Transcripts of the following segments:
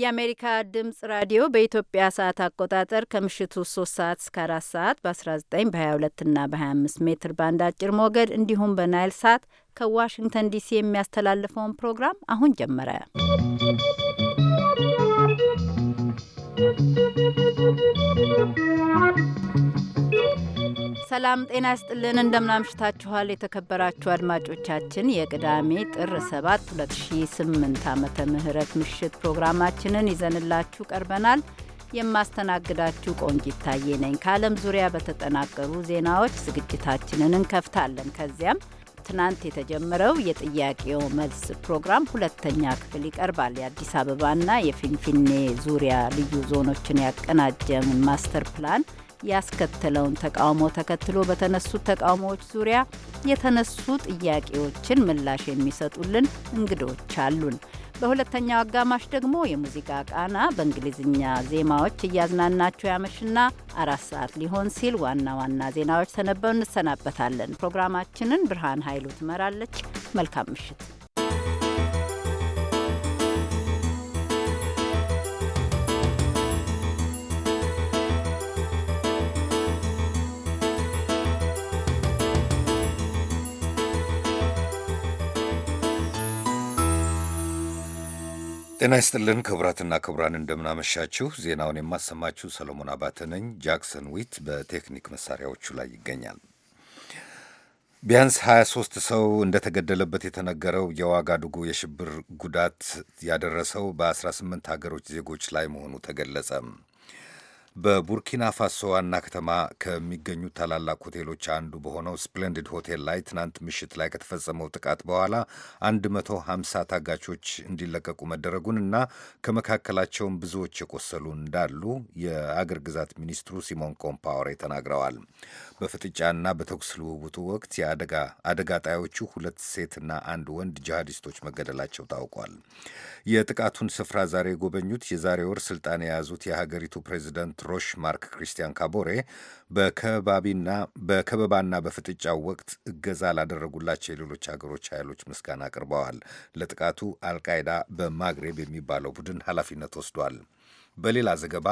የአሜሪካ ድምጽ ራዲዮ በኢትዮጵያ ሰዓት አቆጣጠር ከምሽቱ 3 ሰዓት እስከ 4 ሰዓት በ19 በ22 እና በ25 ሜትር ባንድ አጭር ሞገድ እንዲሁም በናይል ሳት ከዋሽንግተን ዲሲ የሚያስተላልፈውን ፕሮግራም አሁን ጀመረ። ሰላም ጤና ይስጥልን። እንደምናምሽታችኋል የተከበራችሁ አድማጮቻችን የቅዳሜ ጥር 7 2008 ዓ ም ምሽት ፕሮግራማችንን ይዘንላችሁ ቀርበናል። የማስተናግዳችሁ ቆንጅ ይታየ ነኝ። ከዓለም ዙሪያ በተጠናቀሩ ዜናዎች ዝግጅታችንን እንከፍታለን። ከዚያም ትናንት የተጀመረው የጥያቄው መልስ ፕሮግራም ሁለተኛ ክፍል ይቀርባል። የአዲስ አበባና የፊንፊኔ ዙሪያ ልዩ ዞኖችን ያቀናጀ ማስተር ፕላን ያስከተለውን ተቃውሞ ተከትሎ በተነሱት ተቃውሞዎች ዙሪያ የተነሱ ጥያቄዎችን ምላሽ የሚሰጡልን እንግዶች አሉን። በሁለተኛው አጋማሽ ደግሞ የሙዚቃ ቃና በእንግሊዝኛ ዜማዎች እያዝናናቸው ያመሽና አራት ሰዓት ሊሆን ሲል ዋና ዋና ዜናዎች ተነበው እንሰናበታለን። ፕሮግራማችንን ብርሃን ኃይሉ ትመራለች። መልካም ምሽት። ጤና ይስጥልን ክቡራትና ክቡራን፣ እንደምናመሻችሁ። ዜናውን የማሰማችሁ ሰለሞን አባተ ነኝ። ጃክሰን ዊት በቴክኒክ መሳሪያዎቹ ላይ ይገኛል። ቢያንስ 23 ሰው እንደተገደለበት የተነገረው የዋጋዱጉ የሽብር ጉዳት ያደረሰው በ18 ሀገሮች ዜጎች ላይ መሆኑ ተገለጸ። በቡርኪና ፋሶ ዋና ከተማ ከሚገኙ ታላላቅ ሆቴሎች አንዱ በሆነው ስፕሌንዲድ ሆቴል ላይ ትናንት ምሽት ላይ ከተፈጸመው ጥቃት በኋላ 150 ታጋቾች እንዲለቀቁ መደረጉን እና ከመካከላቸውም ብዙዎች የቆሰሉ እንዳሉ የአገር ግዛት ሚኒስትሩ ሲሞን ኮምፓወሬ ተናግረዋል። በፍጥጫና በተኩስ ልውውጡ ወቅት የአደጋ ጣዮቹ ሁለት ሴትና አንድ ወንድ ጂሃዲስቶች መገደላቸው ታውቋል። የጥቃቱን ስፍራ ዛሬ የጎበኙት የዛሬ ወር ስልጣን የያዙት የሀገሪቱ ፕሬዚደንት ሮሽ ማርክ ክሪስቲያን ካቦሬ በከበባና በፍጥጫው ወቅት እገዛ ላደረጉላቸው የሌሎች ሀገሮች ኃይሎች ምስጋና አቅርበዋል። ለጥቃቱ አልቃይዳ በማግሬብ የሚባለው ቡድን ኃላፊነት ወስዷል። በሌላ ዘገባ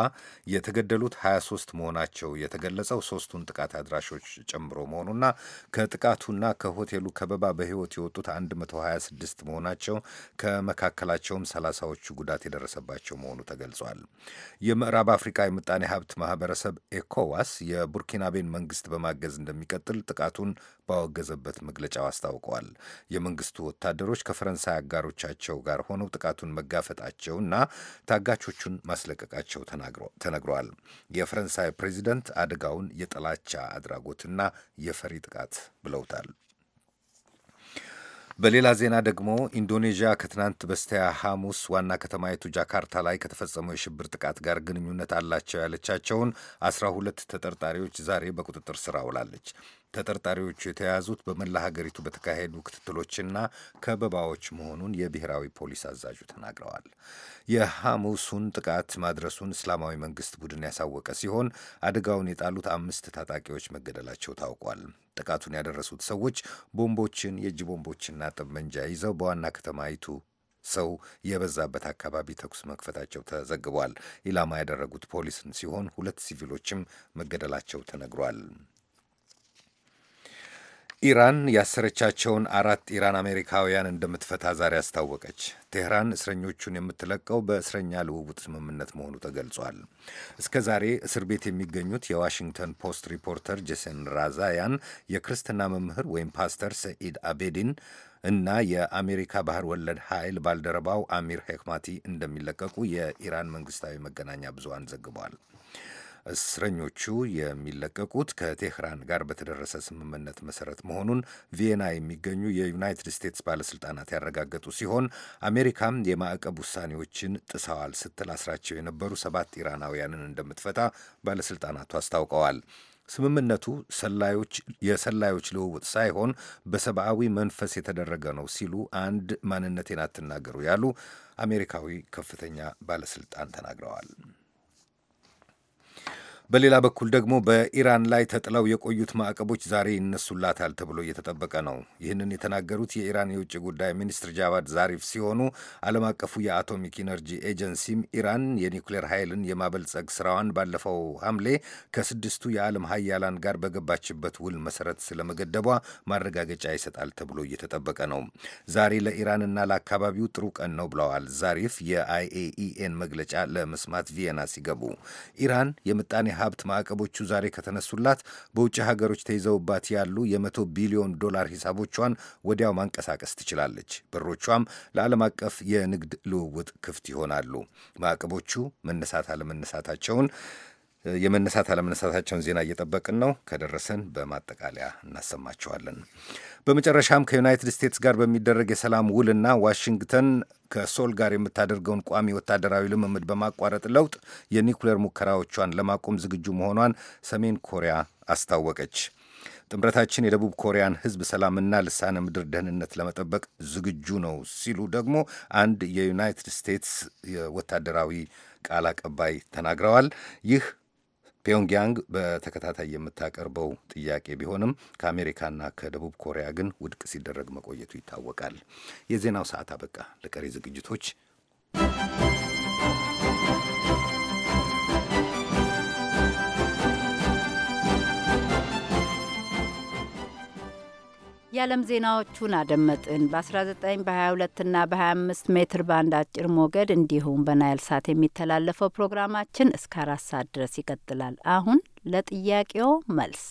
የተገደሉት 23 መሆናቸው የተገለጸው ሶስቱን ጥቃት አድራሾች ጨምሮ መሆኑና ከጥቃቱና ከሆቴሉ ከበባ በሕይወት የወጡት 126 መሆናቸው ከመካከላቸውም ሰላሳዎቹ ጉዳት የደረሰባቸው መሆኑ ተገልጿል። የምዕራብ አፍሪካ የምጣኔ ሀብት ማህበረሰብ ኤኮዋስ የቡርኪናቤን መንግስት በማገዝ እንደሚቀጥል ጥቃቱን ባወገዘበት መግለጫው አስታውቀዋል። የመንግስቱ ወታደሮች ከፈረንሳይ አጋሮቻቸው ጋር ሆነው ጥቃቱን መጋፈጣቸውና ታጋቾቹን ማስለ እንዳስለቀቃቸው ተነግሯል። የፈረንሳይ ፕሬዚደንት አደጋውን የጥላቻ አድራጎትና የፈሪ ጥቃት ብለውታል። በሌላ ዜና ደግሞ ኢንዶኔዥያ ከትናንት በስቲያ ሐሙስ ዋና ከተማይቱ ጃካርታ ላይ ከተፈጸመው የሽብር ጥቃት ጋር ግንኙነት አላቸው ያለቻቸውን አስራ ሁለት ተጠርጣሪዎች ዛሬ በቁጥጥር ስር አውላለች። ተጠርጣሪዎቹ የተያዙት በመላ ሀገሪቱ በተካሄዱ ክትትሎችና ከበባዎች መሆኑን የብሔራዊ ፖሊስ አዛዡ ተናግረዋል። የሐሙሱን ጥቃት ማድረሱን እስላማዊ መንግስት ቡድን ያሳወቀ ሲሆን አደጋውን የጣሉት አምስት ታጣቂዎች መገደላቸው ታውቋል። ጥቃቱን ያደረሱት ሰዎች ቦምቦችን፣ የእጅ ቦምቦችና ጠመንጃ ይዘው በዋና ከተማይቱ ሰው የበዛበት አካባቢ ተኩስ መክፈታቸው ተዘግቧል። ኢላማ ያደረጉት ፖሊስን ሲሆን ሁለት ሲቪሎችም መገደላቸው ተነግሯል። ኢራን ያሰረቻቸውን አራት ኢራን አሜሪካውያን እንደምትፈታ ዛሬ አስታወቀች። ቴህራን እስረኞቹን የምትለቀው በእስረኛ ልውውጥ ስምምነት መሆኑ ተገልጿል። እስከ ዛሬ እስር ቤት የሚገኙት የዋሽንግተን ፖስት ሪፖርተር ጄሰን ራዛያን፣ የክርስትና መምህር ወይም ፓስተር ሰኢድ አቤዲን እና የአሜሪካ ባህር ወለድ ኃይል ባልደረባው አሚር ሄክማቲ እንደሚለቀቁ የኢራን መንግስታዊ መገናኛ ብዙሃን ዘግቧል። እስረኞቹ የሚለቀቁት ከቴህራን ጋር በተደረሰ ስምምነት መሰረት መሆኑን ቪየና የሚገኙ የዩናይትድ ስቴትስ ባለስልጣናት ያረጋገጡ ሲሆን አሜሪካም የማዕቀብ ውሳኔዎችን ጥሰዋል ስትል አስራቸው የነበሩ ሰባት ኢራናውያንን እንደምትፈታ ባለስልጣናቱ አስታውቀዋል። ስምምነቱ ሰላዮች የሰላዮች ልውውጥ ሳይሆን በሰብአዊ መንፈስ የተደረገ ነው ሲሉ አንድ ማንነቴን አትናገሩ ያሉ አሜሪካዊ ከፍተኛ ባለስልጣን ተናግረዋል። በሌላ በኩል ደግሞ በኢራን ላይ ተጥለው የቆዩት ማዕቀቦች ዛሬ ይነሱላታል ተብሎ እየተጠበቀ ነው። ይህንን የተናገሩት የኢራን የውጭ ጉዳይ ሚኒስትር ጃቫድ ዛሪፍ ሲሆኑ ዓለም አቀፉ የአቶሚክ ኢነርጂ ኤጀንሲም ኢራን የኒውክሌር ኃይልን የማበልጸግ ስራዋን ባለፈው ሐምሌ ከስድስቱ የዓለም ሀያላን ጋር በገባችበት ውል መሰረት ስለመገደቧ ማረጋገጫ ይሰጣል ተብሎ እየተጠበቀ ነው። ዛሬ ለኢራንና ለአካባቢው ጥሩ ቀን ነው ብለዋል ዛሪፍ የአይኤኢኤን መግለጫ ለመስማት ቪየና ሲገቡ ኢራን የምጣኔ የሀብት ማዕቀቦቹ ዛሬ ከተነሱላት በውጭ ሀገሮች ተይዘውባት ያሉ የመቶ ቢሊዮን ዶላር ሂሳቦቿን ወዲያው ማንቀሳቀስ ትችላለች። በሮቿም ለዓለም አቀፍ የንግድ ልውውጥ ክፍት ይሆናሉ። ማዕቀቦቹ መነሳት አለመነሳታቸውን የመነሳት አለመነሳታቸውን ዜና እየጠበቅን ነው። ከደረሰን በማጠቃለያ እናሰማችኋለን። በመጨረሻም ከዩናይትድ ስቴትስ ጋር በሚደረግ የሰላም ውልና ዋሽንግተን ከሶል ጋር የምታደርገውን ቋሚ ወታደራዊ ልምምድ በማቋረጥ ለውጥ የኒውክሌር ሙከራዎቿን ለማቆም ዝግጁ መሆኗን ሰሜን ኮሪያ አስታወቀች። ጥምረታችን የደቡብ ኮሪያን ሕዝብ ሰላምና ልሳነ ምድር ደህንነት ለመጠበቅ ዝግጁ ነው ሲሉ ደግሞ አንድ የዩናይትድ ስቴትስ ወታደራዊ ቃል አቀባይ ተናግረዋል። ይህ ፒዮንግያንግ በተከታታይ የምታቀርበው ጥያቄ ቢሆንም ከአሜሪካና ከደቡብ ኮሪያ ግን ውድቅ ሲደረግ መቆየቱ ይታወቃል። የዜናው ሰዓት አበቃ። ለቀሪ ዝግጅቶች የዓለም ዜናዎቹን አደመጥን። በ19 22 እና በ25 ሜትር ባንድ አጭር ሞገድ እንዲሁም በናይል ሳት የሚተላለፈው ፕሮግራማችን እስከ አራት ሰዓት ድረስ ይቀጥላል። አሁን ለጥያቄው መልስ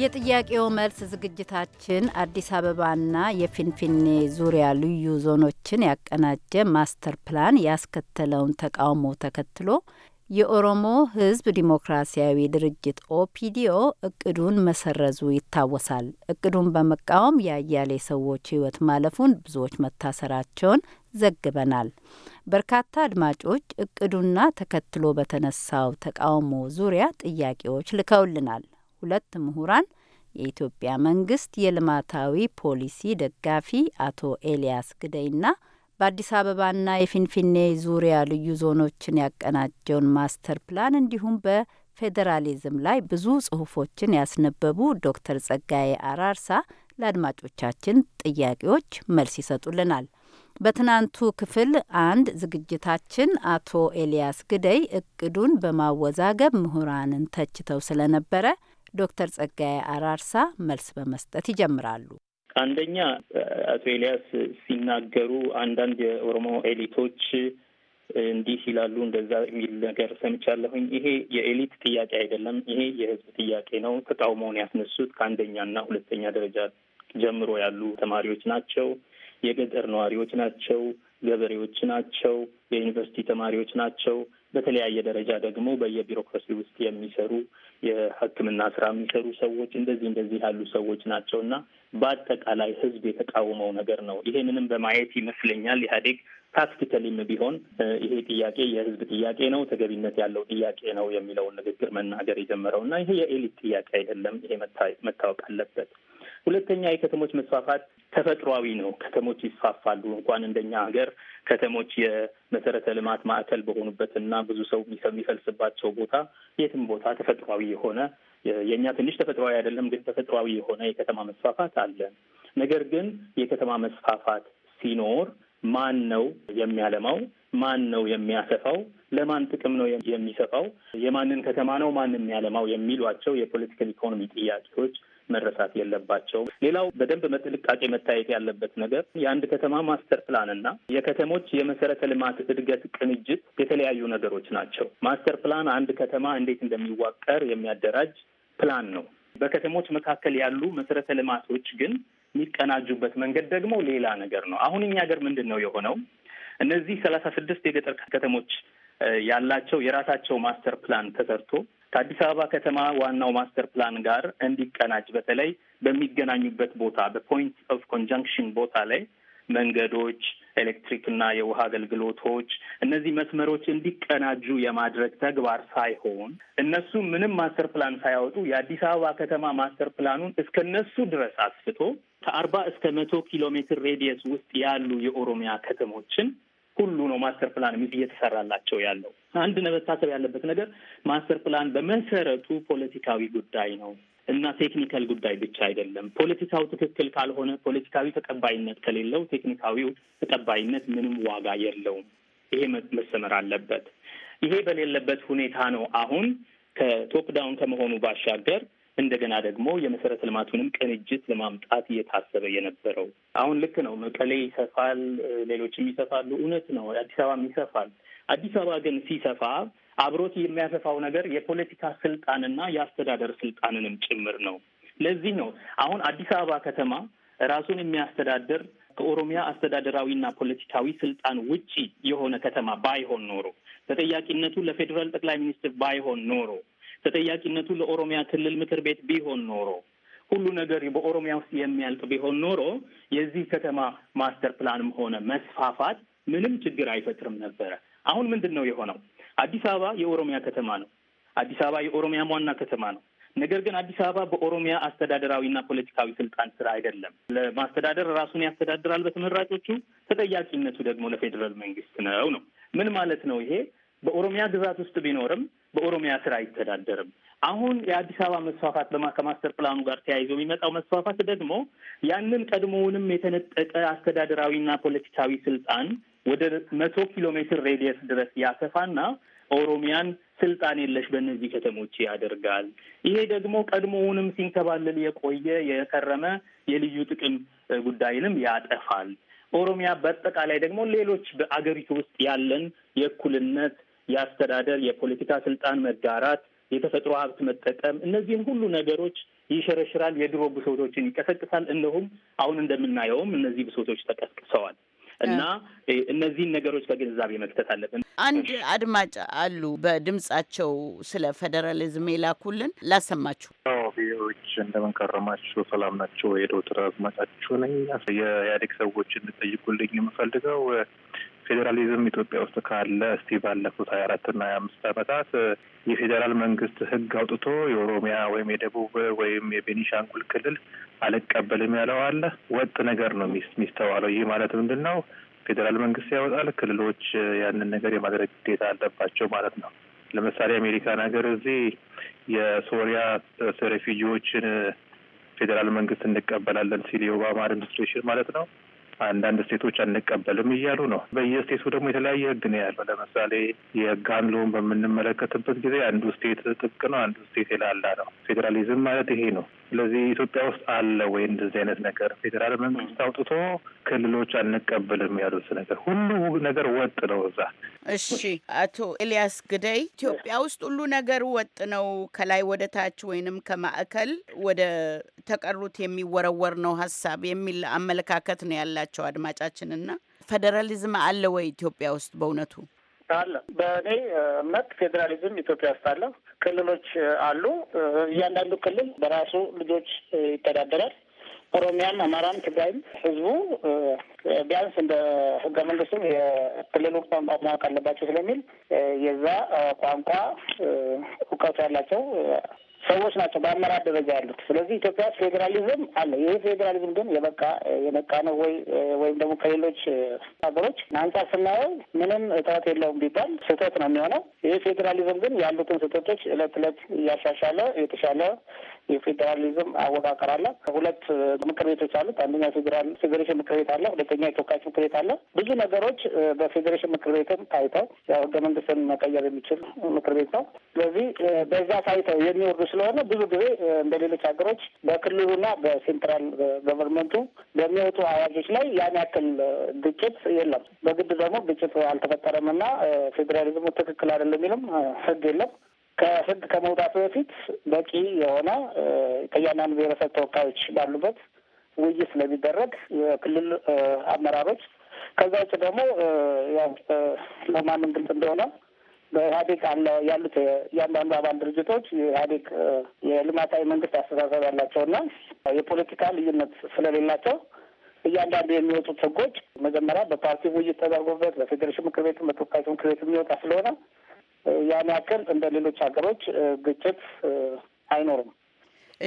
የጥያቄው መልስ ዝግጅታችን አዲስ አበባና የፊንፊኔ ዙሪያ ልዩ ዞኖችን ያቀናጀ ማስተር ፕላን ያስከተለውን ተቃውሞ ተከትሎ የኦሮሞ ሕዝብ ዲሞክራሲያዊ ድርጅት ኦፒዲኦ እቅዱን መሰረዙ ይታወሳል። እቅዱን በመቃወም የአያሌ ሰዎች ሕይወት ማለፉን፣ ብዙዎች መታሰራቸውን ዘግበናል። በርካታ አድማጮች እቅዱና ተከትሎ በተነሳው ተቃውሞ ዙሪያ ጥያቄዎች ልከውልናል። ሁለት ምሁራን የኢትዮጵያ መንግስት የልማታዊ ፖሊሲ ደጋፊ አቶ ኤልያስ ግደይና በአዲስ አበባና የፊንፊኔ ዙሪያ ልዩ ዞኖችን ያቀናጀውን ማስተር ፕላን እንዲሁም በፌዴራሊዝም ላይ ብዙ ጽሁፎችን ያስነበቡ ዶክተር ጸጋዬ አራርሳ ለአድማጮቻችን ጥያቄዎች መልስ ይሰጡልናል። በትናንቱ ክፍል አንድ ዝግጅታችን አቶ ኤልያስ ግደይ እቅዱን በማወዛገብ ምሁራንን ተችተው ስለነበረ ዶክተር ጸጋዬ አራርሳ መልስ በመስጠት ይጀምራሉ። አንደኛ አቶ ኤልያስ ሲናገሩ አንዳንድ የኦሮሞ ኤሊቶች እንዲህ ይላሉ እንደዛ የሚል ነገር ሰምቻለሁኝ። ይሄ የኤሊት ጥያቄ አይደለም። ይሄ የህዝብ ጥያቄ ነው። ተቃውሞውን ያስነሱት ከአንደኛና ሁለተኛ ደረጃ ጀምሮ ያሉ ተማሪዎች ናቸው። የገጠር ነዋሪዎች ናቸው። ገበሬዎች ናቸው። የዩኒቨርሲቲ ተማሪዎች ናቸው። በተለያየ ደረጃ ደግሞ በየቢሮክራሲ ውስጥ የሚሰሩ የሕክምና ስራ የሚሰሩ ሰዎች እንደዚህ እንደዚህ ያሉ ሰዎች ናቸው እና በአጠቃላይ ህዝብ የተቃወመው ነገር ነው። ይሄንንም በማየት ይመስለኛል ኢህአዴግ ታክቲካሊም ቢሆን ይሄ ጥያቄ የህዝብ ጥያቄ ነው፣ ተገቢነት ያለው ጥያቄ ነው የሚለውን ንግግር መናገር የጀመረው እና ይሄ የኤሊት ጥያቄ አይደለም። ይሄ መታወቅ አለበት። ሁለተኛ የከተሞች መስፋፋት ተፈጥሯዊ ነው። ከተሞች ይስፋፋሉ። እንኳን እንደኛ ሀገር ከተሞች የመሰረተ ልማት ማዕከል በሆኑበትና ብዙ ሰው የሚፈልስባቸው ቦታ የትም ቦታ ተፈጥሯዊ የሆነ የእኛ ትንሽ ተፈጥሯዊ አይደለም፣ ግን ተፈጥሯዊ የሆነ የከተማ መስፋፋት አለ። ነገር ግን የከተማ መስፋፋት ሲኖር ማን ነው የሚያለማው? ማን ነው የሚያሰፋው? ለማን ጥቅም ነው የሚሰፋው? የማንን ከተማ ነው ማን የሚያለማው? የሚሏቸው የፖለቲካል ኢኮኖሚ ጥያቄዎች መረሳት የለባቸውም። ሌላው በደንብ በጥንቃቄ መታየት ያለበት ነገር የአንድ ከተማ ማስተር ፕላን እና የከተሞች የመሰረተ ልማት እድገት ቅንጅት የተለያዩ ነገሮች ናቸው። ማስተር ፕላን አንድ ከተማ እንዴት እንደሚዋቀር የሚያደራጅ ፕላን ነው። በከተሞች መካከል ያሉ መሰረተ ልማቶች ግን የሚቀናጁበት መንገድ ደግሞ ሌላ ነገር ነው። አሁን እኛ ሀገር ምንድን ነው የሆነው? እነዚህ ሰላሳ ስድስት የገጠር ከተሞች ያላቸው የራሳቸው ማስተር ፕላን ተሰርቶ ከአዲስ አበባ ከተማ ዋናው ማስተር ፕላን ጋር እንዲቀናጅ በተለይ በሚገናኙበት ቦታ በፖይንት ኦፍ ኮንጃንክሽን ቦታ ላይ መንገዶች፣ ኤሌክትሪክና የውሃ አገልግሎቶች እነዚህ መስመሮች እንዲቀናጁ የማድረግ ተግባር ሳይሆን እነሱ ምንም ማስተር ፕላን ሳያወጡ የአዲስ አበባ ከተማ ማስተር ፕላኑን እስከነሱ ድረስ አስፍቶ ከአርባ እስከ መቶ ኪሎ ሜትር ሬዲየስ ውስጥ ያሉ የኦሮሚያ ከተሞችን ሁሉ ነው ማስተር ፕላን እየተሰራላቸው ያለው። አንድ መታሰብ ያለበት ነገር ማስተር ፕላን በመሰረቱ ፖለቲካዊ ጉዳይ ነው እና ቴክኒካል ጉዳይ ብቻ አይደለም። ፖለቲካው ትክክል ካልሆነ፣ ፖለቲካዊ ተቀባይነት ከሌለው፣ ቴክኒካዊው ተቀባይነት ምንም ዋጋ የለውም። ይሄ መሰመር አለበት። ይሄ በሌለበት ሁኔታ ነው አሁን ከቶፕ ዳውን ከመሆኑ ባሻገር እንደገና ደግሞ የመሰረተ ልማቱንም ቅንጅት ለማምጣት እየታሰበ የነበረው አሁን ልክ ነው። መቀሌ ይሰፋል፣ ሌሎችም ይሰፋሉ። እውነት ነው። አዲስ አበባም ይሰፋል። አዲስ አበባ ግን ሲሰፋ አብሮት የሚያሰፋው ነገር የፖለቲካ ስልጣንና የአስተዳደር ስልጣንንም ጭምር ነው። ለዚህ ነው አሁን አዲስ አበባ ከተማ ራሱን የሚያስተዳድር ከኦሮሚያ አስተዳደራዊና ፖለቲካዊ ስልጣን ውጪ የሆነ ከተማ ባይሆን ኖሮ ተጠያቂነቱ ለፌዴራል ጠቅላይ ሚኒስትር ባይሆን ኖሮ ተጠያቂነቱ ለኦሮሚያ ክልል ምክር ቤት ቢሆን ኖሮ ሁሉ ነገር በኦሮሚያ ውስጥ የሚያልቅ ቢሆን ኖሮ የዚህ ከተማ ማስተር ፕላንም ሆነ መስፋፋት ምንም ችግር አይፈጥርም ነበረ። አሁን ምንድን ነው የሆነው? አዲስ አበባ የኦሮሚያ ከተማ ነው። አዲስ አበባ የኦሮሚያ ዋና ከተማ ነው። ነገር ግን አዲስ አበባ በኦሮሚያ አስተዳደራዊና ፖለቲካዊ ስልጣን ስራ አይደለም። ለማስተዳደር ራሱን ያስተዳድራል በተመራጮቹ፣ ተጠያቂነቱ ደግሞ ለፌዴራል መንግስት ነው ነው ምን ማለት ነው ይሄ? በኦሮሚያ ግዛት ውስጥ ቢኖርም በኦሮሚያ ስራ አይተዳደርም። አሁን የአዲስ አበባ መስፋፋት ከማስተር ፕላኑ ጋር ተያይዞ የሚመጣው መስፋፋት ደግሞ ያንን ቀድሞውንም የተነጠቀ አስተዳደራዊና ፖለቲካዊ ስልጣን ወደ መቶ ኪሎ ሜትር ሬዲየስ ድረስ ያሰፋና ኦሮሚያን ስልጣን የለሽ በእነዚህ ከተሞች ያደርጋል። ይሄ ደግሞ ቀድሞውንም ሲንከባለል የቆየ የከረመ የልዩ ጥቅም ጉዳይንም ያጠፋል። ኦሮሚያ በአጠቃላይ ደግሞ ሌሎች በአገሪቱ ውስጥ ያለን የእኩልነት የአስተዳደር፣ የፖለቲካ ስልጣን መጋራት፣ የተፈጥሮ ሀብት መጠቀም እነዚህም ሁሉ ነገሮች ይሸረሽራል፣ የድሮ ብሶቶችን ይቀሰቅሳል። እነሆም አሁን እንደምናየውም እነዚህ ብሶቶች ተቀስቅሰዋል። እና እነዚህን ነገሮች ከግንዛቤ መክተት አለብን። አንድ አድማጭ አሉ በድምጻቸው ስለ ፌዴራሊዝም የላኩልን ላሰማችሁ። ቪዎች እንደምንቀረማችሁ ሰላም ናቸው። የዶክተር አዝማጫችሁ ነኝ። የኢህአዴግ ሰዎች እንጠይቁልኝ የምፈልገው ፌዴራሊዝም ኢትዮጵያ ውስጥ ካለ እስቲ ባለፉት ሀያ አራትና ሀያ አምስት ዓመታት የፌዴራል መንግስት ህግ አውጥቶ የኦሮሚያ ወይም የደቡብ ወይም የቤኒሻንጉል ክልል አልቀበልም ያለው አለ። ወጥ ነገር ነው የሚስተዋለው። ይህ ማለት ምንድን ነው? ፌዴራል መንግስት ያወጣል፣ ክልሎች ያንን ነገር የማድረግ ግዴታ አለባቸው ማለት ነው። ለምሳሌ አሜሪካን ሀገር እዚህ የሶሪያ ሬፊጂዎችን ፌዴራል መንግስት እንቀበላለን ሲል የኦባማ አድሚኒስትሬሽን ማለት ነው አንዳንድ ስቴቶች አንቀበልም እያሉ ነው። በየስቴቱ ደግሞ የተለያየ ህግ ነው ያለው። ለምሳሌ የህግ አምሎውን በምንመለከትበት ጊዜ አንዱ ስቴት ጥብቅ ነው፣ አንዱ ስቴት የላላ ነው። ፌዴራሊዝም ማለት ይሄ ነው። ስለዚህ ኢትዮጵያ ውስጥ አለ ወይ እንደዚህ አይነት ነገር? ፌዴራል መንግስት አውጥቶ ክልሎች አንቀበልም ያሉት ነገር ሁሉ ነገር ወጥ ነው እዛ። እሺ፣ አቶ ኤልያስ ግደይ ኢትዮጵያ ውስጥ ሁሉ ነገር ወጥ ነው ከላይ ወደ ታች ወይንም ከማዕከል ወደ ተቀሩት የሚወረወር ነው ሀሳብ የሚል አመለካከት ነው ያላቸው አድማጫችን። እና ፌዴራሊዝም አለ ወይ ኢትዮጵያ ውስጥ በእውነቱ? አለ። በእኔ እምነት ፌዴራሊዝም ኢትዮጵያ ውስጥ አለ። ክልሎች አሉ። እያንዳንዱ ክልል በራሱ ልጆች ይተዳደራል። ኦሮሚያም፣ አማራም፣ ትግራይም ህዝቡ ቢያንስ እንደ ህገ መንግስቱም የክልሉ ቋንቋ ማወቅ አለባቸው ስለሚል የዛ ቋንቋ እውቀቱ ያላቸው ሰዎች ናቸው በአመራር ደረጃ ያሉት። ስለዚህ ኢትዮጵያ ውስጥ ፌዴራሊዝም አለ። ይህ ፌዴራሊዝም ግን የበቃ የበቃ ነው ወይ ወይም ደግሞ ከሌሎች ሀገሮች አንጻር ስናየው ምንም እጥረት የለውም ቢባል ስህተት ነው የሚሆነው። ይህ ፌዴራሊዝም ግን ያሉትን ስህተቶች እለት እለት እያሻሻለ የተሻለ የፌዴራሊዝም አወቃቀር አለ። ሁለት ምክር ቤቶች አሉት። አንደኛ ፌዴራል ፌዴሬሽን ምክር ቤት አለ። ሁለተኛ የተወካዮች ምክር ቤት አለ። ብዙ ነገሮች በፌዴሬሽን ምክር ቤትም ታይተው ያው ህገ መንግስትን መቀየር የሚችል ምክር ቤት ነው። ስለዚህ በዛ ታይተው የሚወርዱ ስለሆነ ብዙ ጊዜ እንደ ሌሎች ሀገሮች በክልሉና በሴንትራል ገቨርንመንቱ በሚወጡ አዋጆች ላይ ያን ያክል ግጭት የለም። በግድ ደግሞ ግጭት አልተፈጠረም እና ፌዴራሊዝሙ ትክክል አይደለም የሚልም ህግ የለም። ከህግ ከመውጣቱ በፊት በቂ የሆነ ከእያንዳንዱ ብሔረሰብ ተወካዮች ባሉበት ውይይት ስለሚደረግ የክልል አመራሮች ከዛ ውጭ ደግሞ ለማንም ግልጽ እንደሆነ በኢህአዴግ አለ ያሉት እያንዳንዱ አባል ድርጅቶች የኢህአዴግ የልማታዊ መንግስት አስተሳሰብ ያላቸውና የፖለቲካ ልዩነት ስለሌላቸው እያንዳንዱ የሚወጡት ህጎች መጀመሪያ በፓርቲ ውይይት ተደርጎበት በፌዴሬሽን ምክር ቤት በተወካዮች ምክር ቤት የሚወጣ ስለሆነ ያን ያክል እንደ ሌሎች ሀገሮች ግጭት አይኖርም።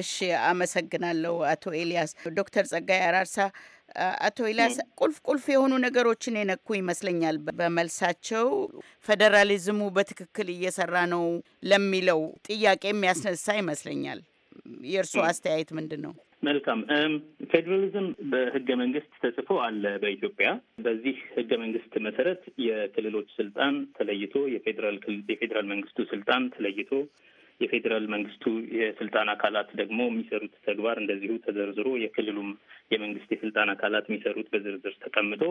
እሺ፣ አመሰግናለሁ አቶ ኤልያስ። ዶክተር ጸጋይ አራርሳ አቶ ኢላስ ቁልፍ ቁልፍ የሆኑ ነገሮችን የነኩ ይመስለኛል በመልሳቸው። ፌዴራሊዝሙ በትክክል እየሰራ ነው ለሚለው ጥያቄ የሚያስነሳ ይመስለኛል። የእርስዎ አስተያየት ምንድን ነው? መልካም ፌዴራሊዝም በህገ መንግስት ተጽፎ አለ በኢትዮጵያ። በዚህ ህገ መንግስት መሰረት የክልሎች ስልጣን ተለይቶ የፌዴራል የፌዴራል መንግስቱ ስልጣን ተለይቶ የፌዴራል መንግስቱ የስልጣን አካላት ደግሞ የሚሰሩት ተግባር እንደዚሁ ተዘርዝሮ የክልሉም የመንግስት የስልጣን አካላት የሚሰሩት በዝርዝር ተቀምጦ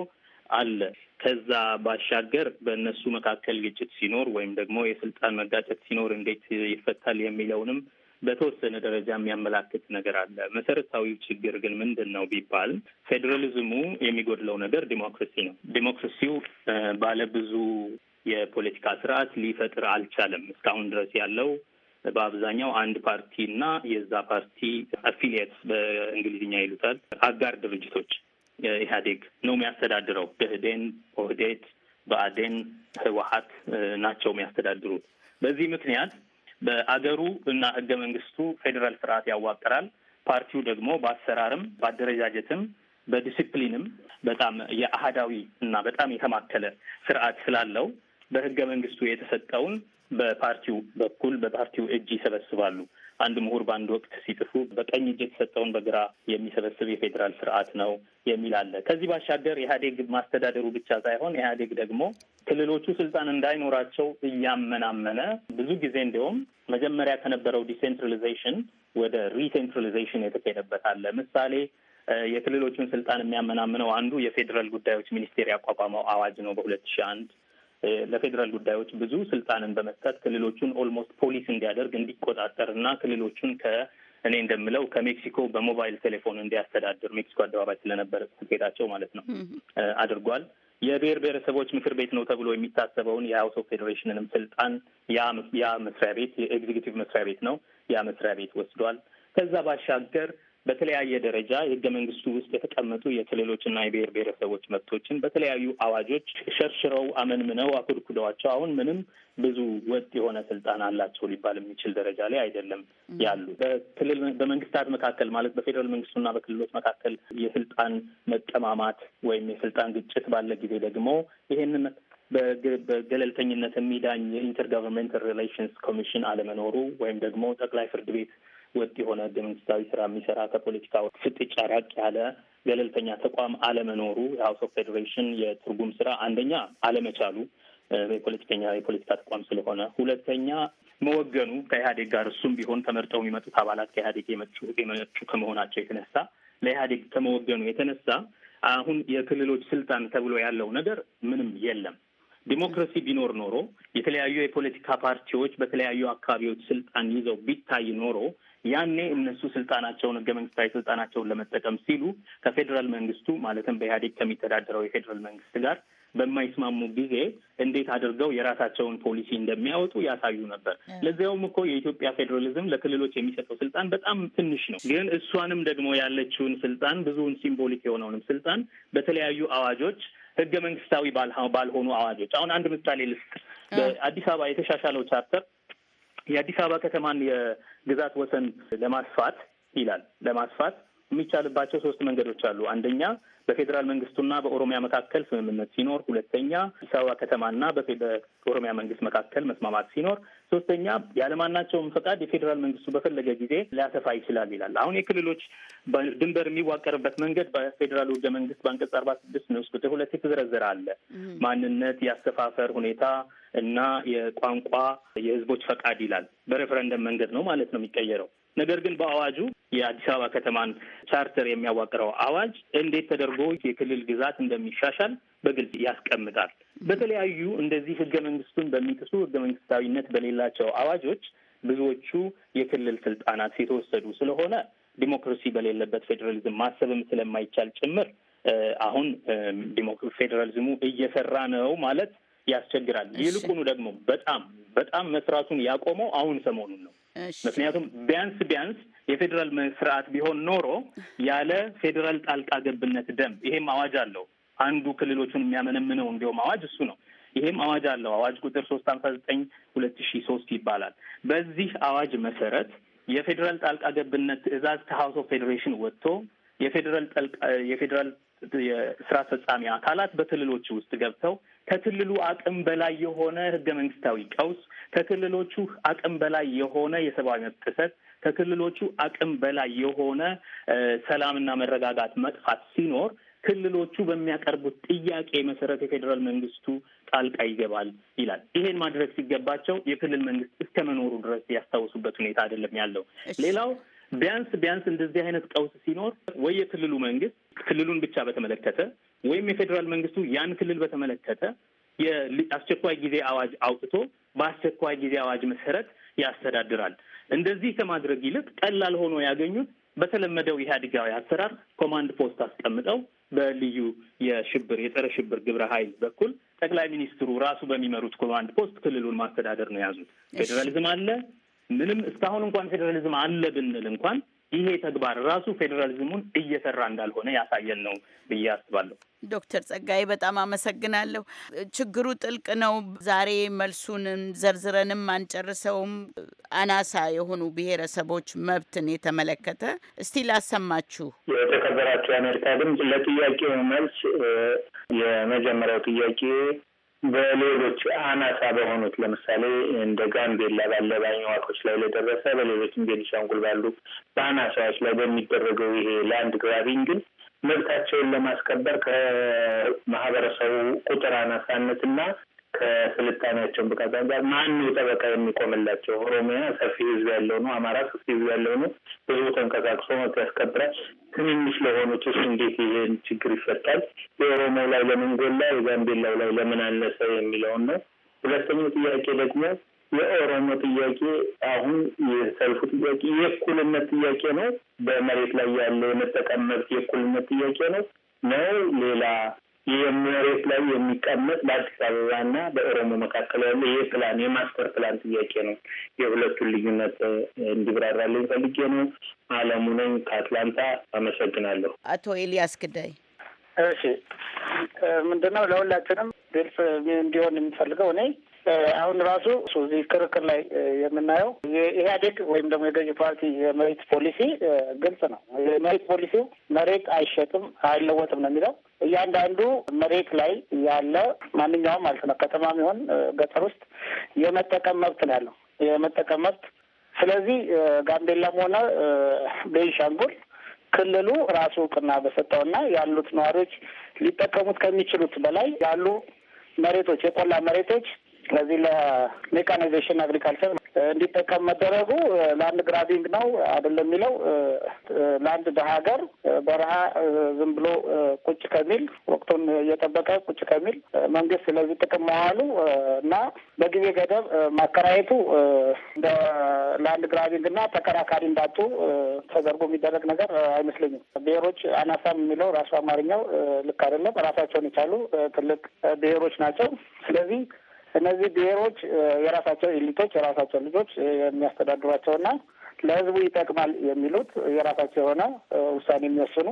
አለ። ከዛ ባሻገር በእነሱ መካከል ግጭት ሲኖር ወይም ደግሞ የስልጣን መጋጨት ሲኖር እንዴት ይፈታል የሚለውንም በተወሰነ ደረጃ የሚያመላክት ነገር አለ። መሰረታዊው ችግር ግን ምንድን ነው ቢባል ፌዴራሊዝሙ የሚጎድለው ነገር ዲሞክራሲ ነው። ዲሞክራሲው ባለብዙ የፖለቲካ ስርዓት ሊፈጥር አልቻለም። እስካሁን ድረስ ያለው በአብዛኛው አንድ ፓርቲ እና የዛ ፓርቲ አፊሊየት በእንግሊዝኛ ይሉታል አጋር ድርጅቶች ኢህአዴግ ነው የሚያስተዳድረው። ደህዴን፣ ኦህዴድ፣ ብአዴን፣ ህወሀት ናቸው የሚያስተዳድሩት። በዚህ ምክንያት በአገሩ እና ህገ መንግስቱ ፌዴራል ስርዓት ያዋቅራል። ፓርቲው ደግሞ በአሰራርም በአደረጃጀትም በዲሲፕሊንም በጣም የአህዳዊ እና በጣም የተማከለ ስርዓት ስላለው በህገ መንግስቱ የተሰጠውን በፓርቲው በኩል በፓርቲው እጅ ይሰበስባሉ። አንድ ምሁር በአንድ ወቅት ሲጽፉ በቀኝ እጅ የተሰጠውን በግራ የሚሰበስብ የፌዴራል ስርዓት ነው የሚል አለ። ከዚህ ባሻገር ኢህአዴግ ማስተዳደሩ ብቻ ሳይሆን ኢህአዴግ ደግሞ ክልሎቹ ስልጣን እንዳይኖራቸው እያመናመነ ብዙ ጊዜ እንዲሁም መጀመሪያ ከነበረው ዲሴንትራሊዜሽን ወደ ሪሴንትራሊዜሽን የተካሄደበት አለ። ምሳሌ የክልሎቹን ስልጣን የሚያመናምነው አንዱ የፌዴራል ጉዳዮች ሚኒስቴር ያቋቋመው አዋጅ ነው በሁለት ሺህ አንድ ለፌዴራል ጉዳዮች ብዙ ስልጣንን በመስጠት ክልሎቹን ኦልሞስት ፖሊስ እንዲያደርግ እንዲቆጣጠር እና ክልሎቹን ከ እኔ እንደምለው ከሜክሲኮ በሞባይል ቴሌፎን እንዲያስተዳድር ሜክሲኮ አደባባይ ስለነበረ ስኬታቸው ማለት ነው አድርጓል። የብሔር ብሔረሰቦች ምክር ቤት ነው ተብሎ የሚታሰበውን የሀውስ ኦፍ ፌዴሬሽንንም ስልጣን ያ መስሪያ ቤት የኤግዚኪቲቭ መስሪያ ቤት ነው ያ መስሪያ ቤት ወስዷል። ከዛ ባሻገር በተለያየ ደረጃ የህገ መንግስቱ ውስጥ የተቀመጡ የክልሎችና የብሔር ብሔረሰቦች መብቶችን በተለያዩ አዋጆች ሸርሽረው አመንምነው አኩድኩደዋቸው አሁን ምንም ብዙ ወጥ የሆነ ስልጣን አላቸው ሊባል የሚችል ደረጃ ላይ አይደለም ያሉ። በክልል በመንግስታት መካከል ማለት በፌዴራል መንግስቱና በክልሎች መካከል የስልጣን መቀማማት ወይም የስልጣን ግጭት ባለ ጊዜ ደግሞ ይሄንን በገለልተኝነት የሚዳኝ የኢንተርጋቨርንመንታል ሪሌሽንስ ኮሚሽን አለመኖሩ ወይም ደግሞ ጠቅላይ ፍርድ ቤት ወጥ የሆነ ህገ መንግስታዊ ስራ የሚሰራ ከፖለቲካ ፍጥጫ ራቅ ያለ ገለልተኛ ተቋም አለመኖሩ የሀውስ ኦፍ ፌዴሬሽን የትርጉም ስራ አንደኛ አለመቻሉ የፖለቲከኛ የፖለቲካ ተቋም ስለሆነ፣ ሁለተኛ መወገኑ ከኢህአዴግ ጋር እሱም ቢሆን ተመርጠው የሚመጡት አባላት ከኢህአዴግ የመጡ ከመሆናቸው የተነሳ ለኢህአዴግ ከመወገኑ የተነሳ አሁን የክልሎች ስልጣን ተብሎ ያለው ነገር ምንም የለም። ዲሞክራሲ ቢኖር ኖሮ የተለያዩ የፖለቲካ ፓርቲዎች በተለያዩ አካባቢዎች ስልጣን ይዘው ቢታይ ኖሮ ያኔ እነሱ ስልጣናቸውን ህገ መንግስታዊ ስልጣናቸውን ለመጠቀም ሲሉ ከፌዴራል መንግስቱ ማለትም በኢህአዴግ ከሚተዳደረው የፌዴራል መንግስት ጋር በማይስማሙ ጊዜ እንዴት አድርገው የራሳቸውን ፖሊሲ እንደሚያወጡ ያሳዩ ነበር። ለዚያውም እኮ የኢትዮጵያ ፌዴራሊዝም ለክልሎች የሚሰጠው ስልጣን በጣም ትንሽ ነው። ግን እሷንም ደግሞ ያለችውን ስልጣን ብዙውን ሲምቦሊክ የሆነውንም ስልጣን በተለያዩ አዋጆች ህገ መንግስታዊ ባልሆኑ አዋጆች አሁን አንድ ምሳሌ ልስጥ። በአዲስ አበባ የተሻሻለው ቻርተር የአዲስ አበባ ከተማን የግዛት ወሰን ለማስፋት ይላል ለማስፋት የሚቻልባቸው ሶስት መንገዶች አሉ። አንደኛ በፌዴራል መንግስቱና በኦሮሚያ መካከል ስምምነት ሲኖር፣ ሁለተኛ አዲስ አበባ ከተማና በኦሮሚያ መንግስት መካከል መስማማት ሲኖር፣ ሶስተኛ ያለማናቸውም ፈቃድ የፌዴራል መንግስቱ በፈለገ ጊዜ ሊያሰፋ ይችላል ይላል። አሁን የክልሎች ድንበር የሚዋቀርበት መንገድ በፌዴራል ህገ መንግስት በአንቀጽ አርባ ስድስት ንዑስ ቁጥር ሁለት የተዘረዘረ አለ። ማንነት፣ የአሰፋፈር ሁኔታ እና የቋንቋ የህዝቦች ፈቃድ ይላል። በሬፈረንደም መንገድ ነው ማለት ነው የሚቀየረው ነገር ግን በአዋጁ የአዲስ አበባ ከተማን ቻርተር የሚያዋቅረው አዋጅ እንዴት ተደርጎ የክልል ግዛት እንደሚሻሻል በግልጽ ያስቀምጣል። በተለያዩ እንደዚህ ህገ መንግስቱን በሚጥሱ ህገ መንግስታዊነት በሌላቸው አዋጆች ብዙዎቹ የክልል ስልጣናት የተወሰዱ ስለሆነ ዲሞክራሲ በሌለበት ፌዴራሊዝም ማሰብም ስለማይቻል ጭምር አሁን ፌዴራሊዝሙ እየሰራ ነው ማለት ያስቸግራል። ይልቁኑ ደግሞ በጣም በጣም መስራቱን ያቆመው አሁን ሰሞኑን ነው። ምክንያቱም ቢያንስ ቢያንስ የፌዴራል ስርዓት ቢሆን ኖሮ ያለ ፌዴራል ጣልቃ ገብነት ደንብ ይሄም አዋጅ አለው። አንዱ ክልሎቹን የሚያመነምነው እንዲሁም አዋጅ እሱ ነው። ይሄም አዋጅ አለው። አዋጅ ቁጥር ሶስት አምሳ ዘጠኝ ሁለት ሺ ሶስት ይባላል። በዚህ አዋጅ መሰረት የፌዴራል ጣልቃ ገብነት ትዕዛዝ ከሀውስ ኦፍ ፌዴሬሽን ወጥቶ የፌዴራል የፌዴራል የስራ አስፈጻሚ አካላት በክልሎች ውስጥ ገብተው ከክልሉ አቅም በላይ የሆነ ህገ መንግስታዊ ቀውስ፣ ከክልሎቹ አቅም በላይ የሆነ የሰብአዊ መብት ጥሰት፣ ከክልሎቹ አቅም በላይ የሆነ ሰላምና መረጋጋት መጥፋት ሲኖር ክልሎቹ በሚያቀርቡት ጥያቄ መሰረት የፌዴራል መንግስቱ ጣልቃ ይገባል ይላል። ይሄን ማድረግ ሲገባቸው የክልል መንግስት እስከ መኖሩ ድረስ ያስታውሱበት ሁኔታ አይደለም ያለው። ሌላው ቢያንስ ቢያንስ እንደዚህ አይነት ቀውስ ሲኖር ወይ የክልሉ መንግስት ክልሉን ብቻ በተመለከተ ወይም የፌዴራል መንግስቱ ያን ክልል በተመለከተ የአስቸኳይ ጊዜ አዋጅ አውጥቶ በአስቸኳይ ጊዜ አዋጅ መሰረት ያስተዳድራል። እንደዚህ ከማድረግ ይልቅ ቀላል ሆኖ ያገኙት በተለመደው ኢህአዴጋዊ አሰራር ኮማንድ ፖስት አስቀምጠው በልዩ የሽብር የጸረ ሽብር ግብረ ኃይል በኩል ጠቅላይ ሚኒስትሩ ራሱ በሚመሩት ኮማንድ ፖስት ክልሉን ማስተዳደር ነው የያዙት። ፌዴራሊዝም አለ ምንም እስካሁን እንኳን ፌዴራሊዝም አለ ብንል እንኳን ይሄ ተግባር ራሱ ፌዴራሊዝሙን እየሰራ እንዳልሆነ ያሳየን ነው ብዬ አስባለሁ። ዶክተር ጸጋዬ በጣም አመሰግናለሁ። ችግሩ ጥልቅ ነው። ዛሬ መልሱንም ዘርዝረንም አንጨርሰውም። አናሳ የሆኑ ብሔረሰቦች መብትን የተመለከተ እስቲ ላሰማችሁ። የተከበራችሁ የአሜሪካ ድምፅ ለጥያቄው መልስ የመጀመሪያው ጥያቄ በሌሎች አናሳ በሆኑት ለምሳሌ እንደ ጋምቤላ ባለ ባኝዋቆች ላይ ለደረሰ በሌሎች ቤኒሻንጉል ባሉ በአናሳዎች ላይ በሚደረገው ይሄ ላንድ ግራቢንግ ግን መብታቸውን ለማስከበር ከማህበረሰቡ ቁጥር አናሳነትና ከስልጣኔያቸውን ብቃት አንጻር ማን ጠበቃ የሚቆምላቸው? ኦሮሚያ ሰፊ ህዝብ ያለው ነው። አማራ ሰፊ ህዝብ ያለው ነው። ህዝቡ ተንቀሳቅሶ መብት ያስከብራል። ትንንሽ ለሆኑት ውስጥ እንዴት ይሄን ችግር ይፈታል? የኦሮሞ ላይ ለምን ጎላ፣ የጋምቤላው ላይ ለምን አነሰ የሚለውን ነው። ሁለተኛው ጥያቄ ደግሞ የኦሮሞ ጥያቄ አሁን የሰልፉ ጥያቄ የእኩልነት ጥያቄ ነው። በመሬት ላይ ያለ የመጠቀም መብት የእኩልነት ጥያቄ ነው ነው ሌላ የመሬት ላይ የሚቀመጥ በአዲስ አበባና በኦሮሞ መካከል ያለ ይህ ፕላን የማስተር ፕላን ጥያቄ ነው። የሁለቱን ልዩነት እንዲብራራልኝ ፈልጌ ነው። አለሙ ነኝ ከአትላንታ አመሰግናለሁ። አቶ ኤልያስ ግዳይ። እሺ ምንድነው ለሁላችንም ግልጽ እንዲሆን የምፈልገው እኔ አሁን ራሱ እዚህ ክርክር ላይ የምናየው የኢህአዴግ ወይም ደግሞ የገዢ ፓርቲ የመሬት ፖሊሲ ግልጽ ነው። የመሬት ፖሊሲው መሬት አይሸጥም አይለወጥም ነው የሚለው እያንዳንዱ መሬት ላይ ያለ ማንኛውም ማለት ነው ከተማ ሚሆን ገጠር ውስጥ የመጠቀም መብት ነው ያለው የመጠቀም መብት። ስለዚህ ጋምቤላም ሆነ ቤንሻንጉል ክልሉ ራሱ እውቅና በሰጠውና ያሉት ነዋሪዎች ሊጠቀሙት ከሚችሉት በላይ ያሉ መሬቶች የቆላ መሬቶች ለዚህ ለሜካናይዜሽን አግሪካልቸር እንዲጠቀም መደረጉ ላንድ ግራቢንግ ነው አይደለም የሚለው ለአንድ በሀገር ሀገር በረሃ ዝም ብሎ ቁጭ ከሚል ወቅቱን እየጠበቀ ቁጭ ከሚል መንግስት ስለዚህ ጥቅም መዋሉ እና በጊዜ ገደብ ማከራየቱ እንደ ላንድ ግራቢንግ እና ተከራካሪ እንዳጡ ተደርጎ የሚደረግ ነገር አይመስለኝም። ብሔሮች አናሳም የሚለው ራሱ አማርኛው ልክ አይደለም። ራሳቸውን የቻሉ ትልቅ ብሔሮች ናቸው። ስለዚህ እነዚህ ብሔሮች የራሳቸው ኤሊቶች የራሳቸው ልጆች የሚያስተዳድሯቸውና ለህዝቡ ይጠቅማል የሚሉት የራሳቸው የሆነ ውሳኔ የሚወስኑ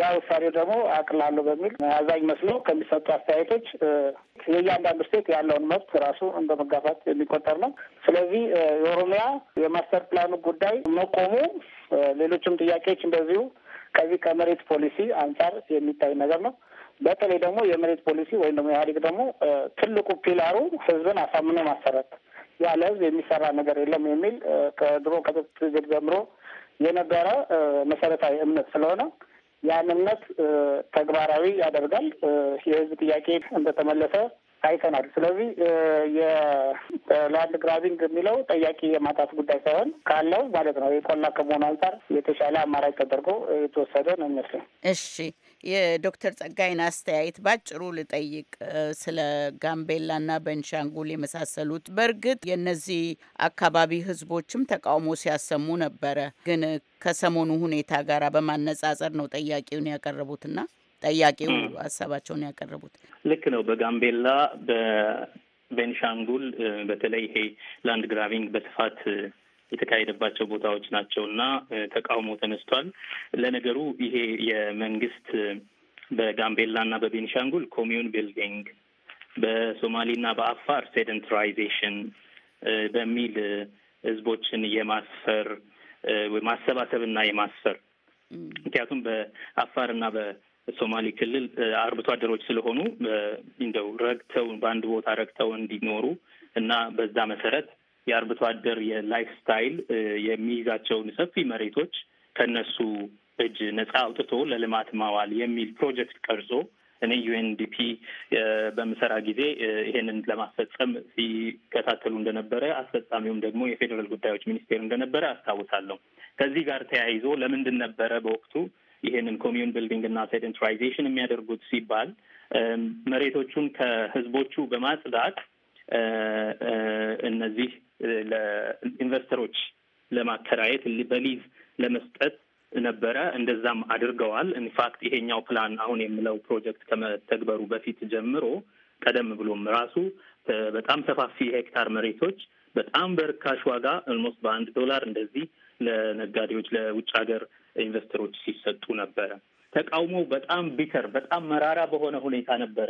ያ ውሳኔ ደግሞ አቅላለሁ በሚል አዛኝ መስሎ ከሚሰጡ አስተያየቶች የእያንዳንዱ ስቴት ያለውን መብት ራሱ እንደ መጋፋት የሚቆጠር ነው። ስለዚህ የኦሮሚያ የማስተር ፕላኑ ጉዳይ መቆሙ ሌሎችም ጥያቄዎች እንደዚሁ ከዚህ ከመሬት ፖሊሲ አንጻር የሚታይ ነገር ነው። በተለይ ደግሞ የመሬት ፖሊሲ ወይም ደግሞ ኢህአዴግ ደግሞ ትልቁ ፒላሩ ህዝብን አሳምኖ ማሰረት ያለ ህዝብ የሚሰራ ነገር የለም የሚል ከድሮ ከጥጥ ጀምሮ የነበረ መሰረታዊ እምነት ስለሆነ ያን እምነት ተግባራዊ ያደርጋል። የህዝብ ጥያቄ እንደተመለሰ አይተናል። ስለዚህ የላንድ ግራቢንግ የሚለው ጠያቂ የማጣት ጉዳይ ሳይሆን ካለው ማለት ነው የቆላ ከመሆኑ አንጻር የተሻለ አማራጭ ተደርጎ የተወሰደ ነው እሺ። የዶክተር ጸጋይን አስተያየት ባጭሩ ልጠይቅ ስለ ጋምቤላና በንሻንጉል የመሳሰሉት። በእርግጥ የእነዚህ አካባቢ ህዝቦችም ተቃውሞ ሲያሰሙ ነበረ። ግን ከሰሞኑ ሁኔታ ጋር በማነጻጸር ነው ጥያቄውን ያቀረቡትና ጠያቂው ሀሳባቸውን ያቀረቡት ልክ ነው። በጋምቤላ በቤንሻንጉል በተለይ ይሄ ላንድ ግራቪንግ በስፋት የተካሄደባቸው ቦታዎች ናቸው እና ተቃውሞ ተነስቷል። ለነገሩ ይሄ የመንግስት በጋምቤላ እና በቤኒሻንጉል ኮሚዩን ቢልዲንግ በሶማሌና በአፋር ሴደንትራይዜሽን በሚል ህዝቦችን የማስፈር ማሰባሰብና የማስፈር ምክንያቱም በአፋርና በሶማሌ ክልል አርብቶ አደሮች ስለሆኑ እንደው ረግተው በአንድ ቦታ ረግተው እንዲኖሩ እና በዛ መሰረት የአርብቶ አደር የላይፍ ስታይል የሚይዛቸውን ሰፊ መሬቶች ከነሱ እጅ ነጻ አውጥቶ ለልማት ማዋል የሚል ፕሮጀክት ቀርጾ እኔ ዩኤንዲፒ በምሰራ ጊዜ ይሄንን ለማስፈጸም ሲከታተሉ እንደነበረ አስፈጻሚውም ደግሞ የፌዴራል ጉዳዮች ሚኒስቴር እንደነበረ አስታውሳለሁ። ከዚህ ጋር ተያይዞ ለምንድን ነበረ በወቅቱ ይሄንን ኮሚዩን ቢልዲንግ እና ሴደንትራይዜሽን የሚያደርጉት ሲባል መሬቶቹን ከህዝቦቹ በማጽዳት እነዚህ ለኢንቨስተሮች ለማከራየት በሊዝ ለመስጠት ነበረ። እንደዛም አድርገዋል። ኢንፋክት ይሄኛው ፕላን አሁን የምለው ፕሮጀክት ከመተግበሩ በፊት ጀምሮ ቀደም ብሎም ራሱ በጣም ሰፋፊ ሄክታር መሬቶች በጣም በርካሽ ዋጋ ኦልሞስት በአንድ ዶላር እንደዚህ ለነጋዴዎች፣ ለውጭ ሀገር ኢንቨስተሮች ሲሰጡ ነበረ። ተቃውሞ በጣም ቢከር በጣም መራራ በሆነ ሁኔታ ነበረ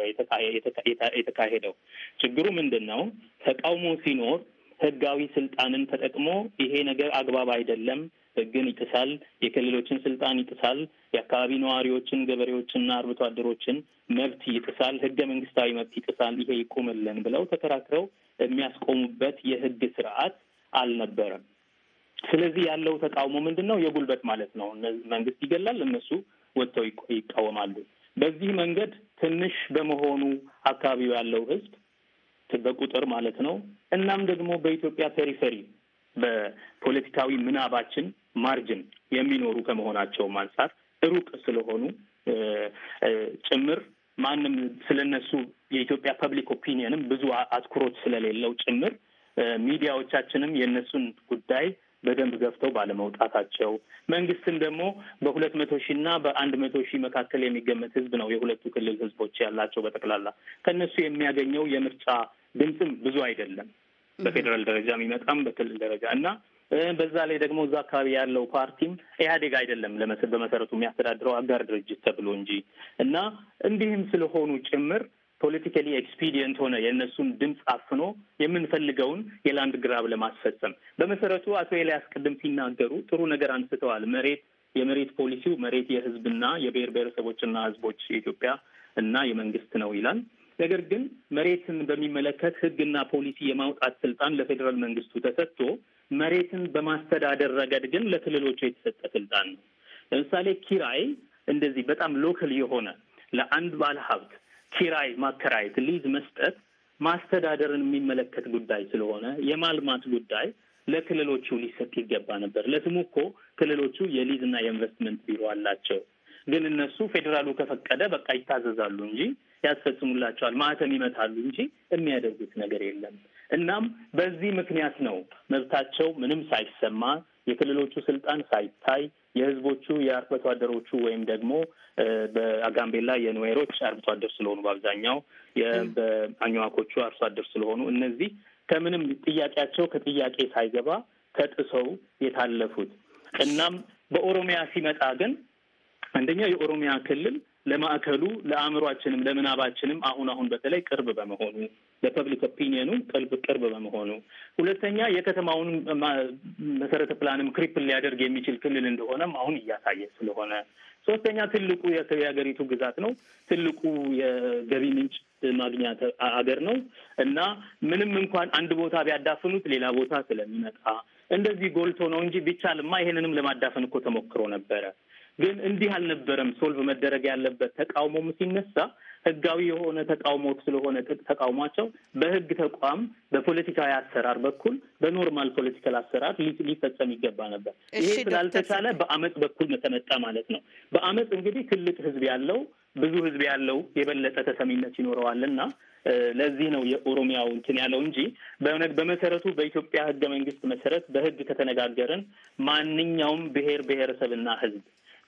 የተካሄደው። ችግሩ ምንድን ነው? ተቃውሞ ሲኖር ህጋዊ ስልጣንን ተጠቅሞ ይሄ ነገር አግባብ አይደለም፣ ህግን ይጥሳል፣ የክልሎችን ስልጣን ይጥሳል፣ የአካባቢ ነዋሪዎችን ገበሬዎችንና አርብቶ አደሮችን መብት ይጥሳል፣ ህገ መንግስታዊ መብት ይጥሳል፣ ይሄ ይቁምልን ብለው ተከራክረው የሚያስቆሙበት የህግ ስርዓት አልነበረም። ስለዚህ ያለው ተቃውሞ ምንድን ነው? የጉልበት ማለት ነው። መንግስት ይገላል፣ እነሱ ወጥተው ይቃወማሉ። በዚህ መንገድ ትንሽ በመሆኑ አካባቢው ያለው ህዝብ በቁጥር ማለት ነው። እናም ደግሞ በኢትዮጵያ ፔሪፈሪ በፖለቲካዊ ምናባችን ማርጅን የሚኖሩ ከመሆናቸውም አንጻር ሩቅ ስለሆኑ ጭምር ማንም ስለነሱ የኢትዮጵያ ፐብሊክ ኦፒኒየንም ብዙ አትኩሮት ስለሌለው ጭምር ሚዲያዎቻችንም የእነሱን ጉዳይ በደንብ ገፍተው ባለመውጣታቸው መንግስትን ደግሞ በሁለት መቶ ሺህ እና በአንድ መቶ ሺህ መካከል የሚገመት ህዝብ ነው የሁለቱ ክልል ህዝቦች ያላቸው በጠቅላላ ከእነሱ የሚያገኘው የምርጫ ድምፅም ብዙ አይደለም። በፌዴራል ደረጃ የሚመጣም በክልል ደረጃ እና በዛ ላይ ደግሞ እዛ አካባቢ ያለው ፓርቲም ኢህአዴግ አይደለም በመሰረቱ የሚያስተዳድረው አጋር ድርጅት ተብሎ እንጂ እና እንዲህም ስለሆኑ ጭምር ፖለቲካሊ ኤክስፒዲየንት ሆነ የእነሱን ድምፅ አፍኖ የምንፈልገውን የላንድ ግራብ ለማስፈጸም በመሰረቱ አቶ ኤልያስ ቅድም ሲናገሩ ጥሩ ነገር አንስተዋል። መሬት የመሬት ፖሊሲው መሬት የህዝብና የብሔር ብሔረሰቦችና ህዝቦች የኢትዮጵያ እና የመንግስት ነው ይላል። ነገር ግን መሬትን በሚመለከት ህግና ፖሊሲ የማውጣት ስልጣን ለፌዴራል መንግስቱ ተሰጥቶ መሬትን በማስተዳደር ረገድ ግን ለክልሎቹ የተሰጠ ስልጣን ነው። ለምሳሌ ኪራይ እንደዚህ በጣም ሎካል የሆነ ለአንድ ባለ ሀብት ኪራይ ማከራየት፣ ሊዝ መስጠት ማስተዳደርን የሚመለከት ጉዳይ ስለሆነ የማልማት ጉዳይ ለክልሎቹ ሊሰጥ ይገባ ነበር። ለስሙ እኮ ክልሎቹ የሊዝና የኢንቨስትመንት ቢሮ አላቸው። ግን እነሱ ፌዴራሉ ከፈቀደ በቃ ይታዘዛሉ እንጂ ያስፈጽሙላቸዋል፣ ማህተም ይመታሉ እንጂ የሚያደርጉት ነገር የለም። እናም በዚህ ምክንያት ነው መብታቸው ምንም ሳይሰማ የክልሎቹ ስልጣን ሳይታይ የህዝቦቹ የአርብቶ አደሮቹ ወይም ደግሞ በጋምቤላ የኑዌሮች አርብቶ አደር ስለሆኑ በአብዛኛው በአኝዋኮቹ አርሶ አደር ስለሆኑ እነዚህ ከምንም ጥያቄያቸው ከጥያቄ ሳይገባ ተጥሰው የታለፉት እናም በኦሮሚያ ሲመጣ ግን አንደኛው የኦሮሚያ ክልል ለማዕከሉ ለአእምሯችንም ለምናባችንም አሁን አሁን በተለይ ቅርብ በመሆኑ ለፐብሊክ ኦፒኒየኑ ቅርብ ቅርብ በመሆኑ፣ ሁለተኛ የከተማውን መሰረተ ፕላንም ክሪፕል ሊያደርግ የሚችል ክልል እንደሆነም አሁን እያሳየ ስለሆነ፣ ሶስተኛ ትልቁ የሀገሪቱ ግዛት ነው። ትልቁ የገቢ ምንጭ ማግኛ አገር ነው እና ምንም እንኳን አንድ ቦታ ቢያዳፍኑት ሌላ ቦታ ስለሚመጣ እንደዚህ ጎልቶ ነው እንጂ ቢቻልማ ይሄንንም ለማዳፈን እኮ ተሞክሮ ነበረ። ግን እንዲህ አልነበረም ሶልቭ መደረግ ያለበት። ተቃውሞም ሲነሳ ህጋዊ የሆነ ተቃውሞ ስለሆነ ተቃውሟቸው በህግ ተቋም በፖለቲካዊ አሰራር በኩል በኖርማል ፖለቲካል አሰራር ሊፈጸም ይገባ ነበር። ይሄ ስላልተቻለ በአመፅ በኩል መተመጣ ማለት ነው። በአመፅ እንግዲህ ትልቅ ህዝብ ያለው ብዙ ህዝብ ያለው የበለጠ ተሰሚነት ይኖረዋል ለዚህ ነው የኦሮሚያው እንትን ያለው እንጂ በመሰረቱ በኢትዮጵያ ህገ መንግስት መሰረት በህግ ከተነጋገርን ማንኛውም ብሔር ብሔረሰብና ህዝብ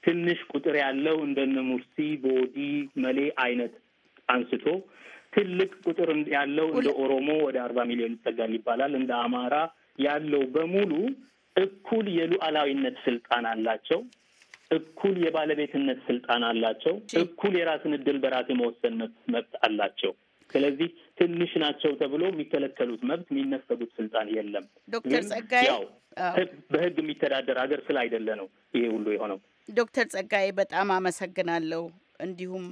ትንሽ ቁጥር ያለው እንደነ ሙርሲ፣ ቦዲ፣ መሌ አይነት አንስቶ ትልቅ ቁጥር ያለው እንደ ኦሮሞ ወደ አርባ ሚሊዮን ይጠጋል ይባላል። እንደ አማራ ያለው በሙሉ እኩል የሉዓላዊነት ስልጣን አላቸው። እኩል የባለቤትነት ስልጣን አላቸው። እኩል የራስን እድል በራስ የመወሰን መብት አላቸው። ስለዚህ ትንሽ ናቸው ተብሎ የሚከለከሉት መብት የሚነፈጉት ስልጣን የለም። ዶክተር ጸጋዬ ያው በህግ የሚተዳደር ሀገር ስለ አይደለ ነው ይሄ ሁሉ የሆነው። ዶክተር ጸጋዬ በጣም አመሰግናለሁ። እንዲሁም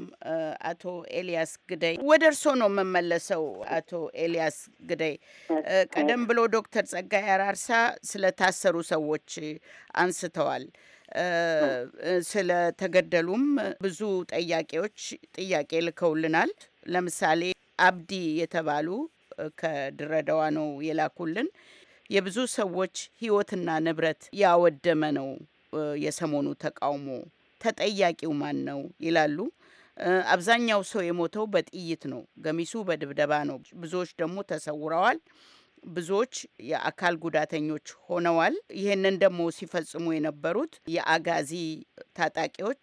አቶ ኤልያስ ግደይ ወደ እርስዎ ነው የምመለሰው። አቶ ኤልያስ ግደይ ቀደም ብሎ ዶክተር ጸጋዬ አራርሳ ስለታሰሩ ሰዎች አንስተዋል። ስለተገደሉም ብዙ ጠያቄዎች ጥያቄ ልከውልናል። ለምሳሌ አብዲ የተባሉ ከድረዳዋ ነው የላኩልን። የብዙ ሰዎች ሕይወትና ንብረት ያወደመ ነው የሰሞኑ ተቃውሞ ተጠያቂው ማን ነው ይላሉ። አብዛኛው ሰው የሞተው በጥይት ነው፣ ገሚሱ በድብደባ ነው። ብዙዎች ደግሞ ተሰውረዋል። ብዙዎች የአካል ጉዳተኞች ሆነዋል። ይህንን ደግሞ ሲፈጽሙ የነበሩት የአጋዚ ታጣቂዎች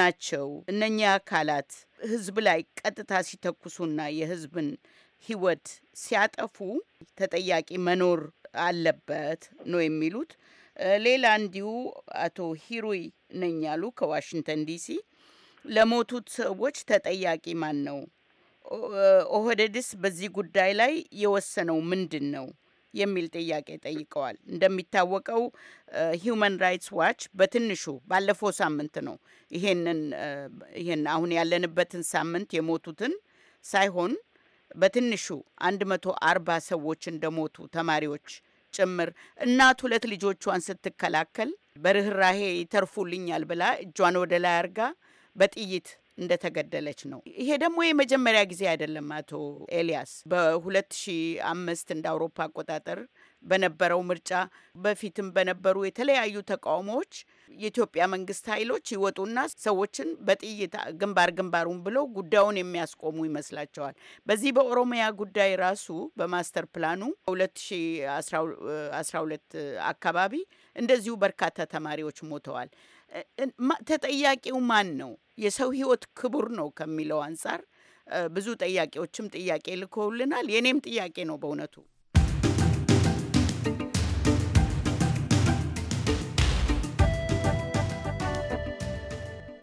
ናቸው። እነኚህ አካላት ህዝብ ላይ ቀጥታ ሲተኩሱና የህዝብን ህይወት ሲያጠፉ ተጠያቂ መኖር አለበት ነው የሚሉት። ሌላ እንዲሁ አቶ ሂሩይ ነኝ ያሉ ከዋሽንግተን ዲሲ ለሞቱት ሰዎች ተጠያቂ ማን ነው? ኦህደድስ በዚህ ጉዳይ ላይ የወሰነው ምንድን ነው የሚል ጥያቄ ጠይቀዋል። እንደሚታወቀው ሂውማን ራይትስ ዋች በትንሹ ባለፈው ሳምንት ነው ይሄንን ይሄን አሁን ያለንበትን ሳምንት የሞቱትን ሳይሆን በትንሹ 140 ሰዎች እንደሞቱ ተማሪዎች ጭምር እናት ሁለት ልጆቿን ስትከላከል በርኅራሄ ይተርፉልኛል ብላ እጇን ወደ ላይ አርጋ በጥይት እንደተገደለች ነው። ይሄ ደግሞ የመጀመሪያ ጊዜ አይደለም። አቶ ኤልያስ በ2005 እንደ አውሮፓ አቆጣጠር በነበረው ምርጫ በፊትም በነበሩ የተለያዩ ተቃውሞዎች የኢትዮጵያ መንግስት ኃይሎች ይወጡና ሰዎችን በጥይት ግንባር ግንባሩን ብለው ጉዳዩን የሚያስቆሙ ይመስላቸዋል። በዚህ በኦሮሚያ ጉዳይ ራሱ በማስተር ፕላኑ 2012 አካባቢ እንደዚሁ በርካታ ተማሪዎች ሞተዋል። ተጠያቂው ማን ነው? የሰው ህይወት ክቡር ነው ከሚለው አንጻር ብዙ ጠያቂዎችም ጥያቄ ልኮልናል የእኔም ጥያቄ ነው በእውነቱ።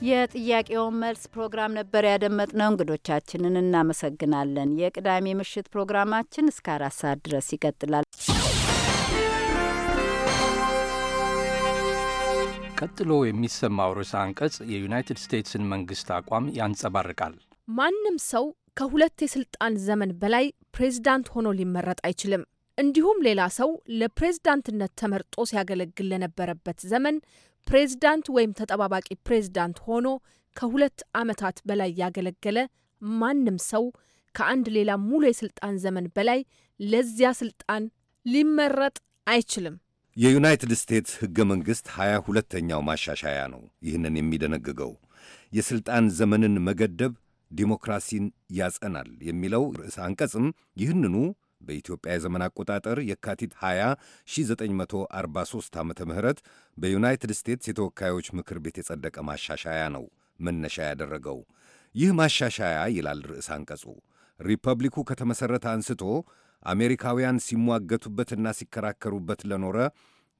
የጥያቄውን መልስ ፕሮግራም ነበር ያደመጥነው። እንግዶቻችንን እናመሰግናለን። የቅዳሜ ምሽት ፕሮግራማችን እስከ አራት ሰዓት ድረስ ይቀጥላል። ቀጥሎ የሚሰማው ርዕሰ አንቀጽ የዩናይትድ ስቴትስን መንግስት አቋም ያንጸባርቃል። ማንም ሰው ከሁለት የስልጣን ዘመን በላይ ፕሬዝዳንት ሆኖ ሊመረጥ አይችልም። እንዲሁም ሌላ ሰው ለፕሬዝዳንትነት ተመርጦ ሲያገለግል ለነበረበት ዘመን ፕሬዝዳንት ወይም ተጠባባቂ ፕሬዝዳንት ሆኖ ከሁለት ዓመታት በላይ ያገለገለ ማንም ሰው ከአንድ ሌላ ሙሉ የስልጣን ዘመን በላይ ለዚያ ስልጣን ሊመረጥ አይችልም። የዩናይትድ ስቴትስ ሕገ መንግሥት ሀያ ሁለተኛው ማሻሻያ ነው ይህንን የሚደነግገው። የሥልጣን ዘመንን መገደብ ዲሞክራሲን ያጸናል የሚለው ርዕሰ አንቀጽም ይህንኑ በኢትዮጵያ የዘመን አቆጣጠር የካቲት 20 1943 ዓ ም በዩናይትድ ስቴትስ የተወካዮች ምክር ቤት የጸደቀ ማሻሻያ ነው መነሻ ያደረገው። ይህ ማሻሻያ ይላል ርዕስ አንቀጹ፣ ሪፐብሊኩ ከተመሠረተ አንስቶ አሜሪካውያን ሲሟገቱበትና ሲከራከሩበት ለኖረ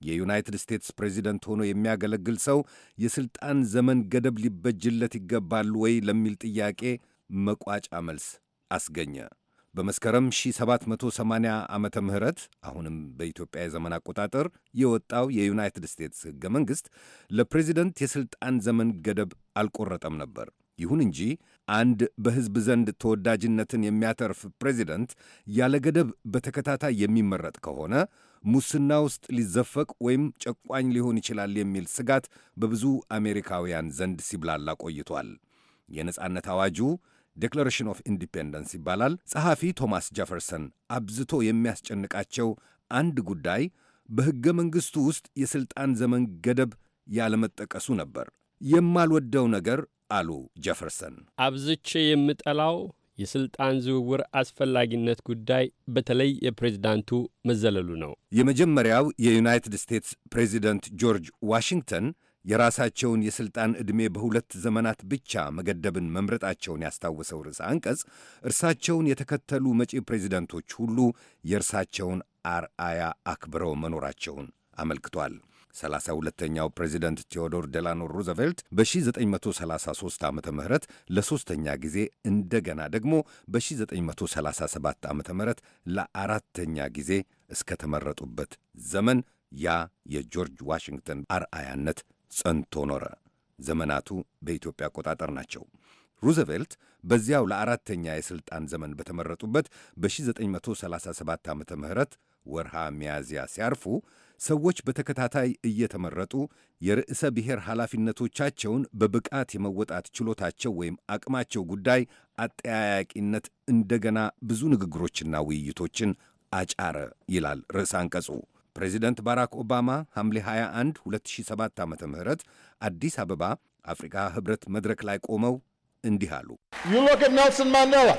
የዩናይትድ ስቴትስ ፕሬዚደንት ሆኖ የሚያገለግል ሰው የሥልጣን ዘመን ገደብ ሊበጅለት ይገባል ወይ ለሚል ጥያቄ መቋጫ መልስ አስገኘ። በመስከረም 1780 ዓመተ ምህረት አሁንም በኢትዮጵያ የዘመን አቆጣጠር የወጣው የዩናይትድ ስቴትስ ሕገ መንግሥት ለፕሬዚደንት የሥልጣን ዘመን ገደብ አልቆረጠም ነበር። ይሁን እንጂ አንድ በሕዝብ ዘንድ ተወዳጅነትን የሚያተርፍ ፕሬዚደንት ያለ ገደብ በተከታታይ የሚመረጥ ከሆነ ሙስና ውስጥ ሊዘፈቅ ወይም ጨቋኝ ሊሆን ይችላል የሚል ስጋት በብዙ አሜሪካውያን ዘንድ ሲብላላ ቆይቷል። የነጻነት አዋጁ ዴክለሬሽን ኦፍ ኢንዲፔንደንስ ይባላል። ጸሐፊ ቶማስ ጀፈርሰን አብዝቶ የሚያስጨንቃቸው አንድ ጉዳይ በሕገ መንግሥቱ ውስጥ የሥልጣን ዘመን ገደብ ያለመጠቀሱ ነበር። የማልወደው ነገር አሉ ጀፈርሰን፣ አብዝቼ የምጠላው የሥልጣን ዝውውር አስፈላጊነት ጉዳይ በተለይ የፕሬዝዳንቱ መዘለሉ ነው። የመጀመሪያው የዩናይትድ ስቴትስ ፕሬዚደንት ጆርጅ ዋሽንግተን የራሳቸውን የሥልጣን ዕድሜ በሁለት ዘመናት ብቻ መገደብን መምረጣቸውን ያስታወሰው ርዕሰ አንቀጽ እርሳቸውን የተከተሉ መጪ ፕሬዚደንቶች ሁሉ የእርሳቸውን አርአያ አክብረው መኖራቸውን አመልክቷል። 32ኛው ፕሬዚደንት ቴዎዶር ዴላኖ ሩዘቬልት በ1933 ዓ ም ለሦስተኛ ጊዜ እንደገና ደግሞ በ1937 ዓ ም ለአራተኛ ጊዜ እስከተመረጡበት ዘመን ያ የጆርጅ ዋሽንግተን አርአያነት ጸንቶ ኖረ። ዘመናቱ በኢትዮጵያ አቆጣጠር ናቸው። ሩዘቬልት በዚያው ለአራተኛ የሥልጣን ዘመን በተመረጡበት በ1937 ዓ ም ወርሃ ሚያዝያ ሲያርፉ ሰዎች በተከታታይ እየተመረጡ የርዕሰ ብሔር ኃላፊነቶቻቸውን በብቃት የመወጣት ችሎታቸው ወይም አቅማቸው ጉዳይ አጠያያቂነት እንደገና ብዙ ንግግሮችና ውይይቶችን አጫረ ይላል ርዕሰ አንቀጹ። ፕሬዚደንት ባራክ ኦባማ ሐምሌ 21 2007 ዓ ም አዲስ አበባ አፍሪካ ህብረት መድረክ ላይ ቆመው እንዲህ አሉ። ኔልሰን ማንዴላ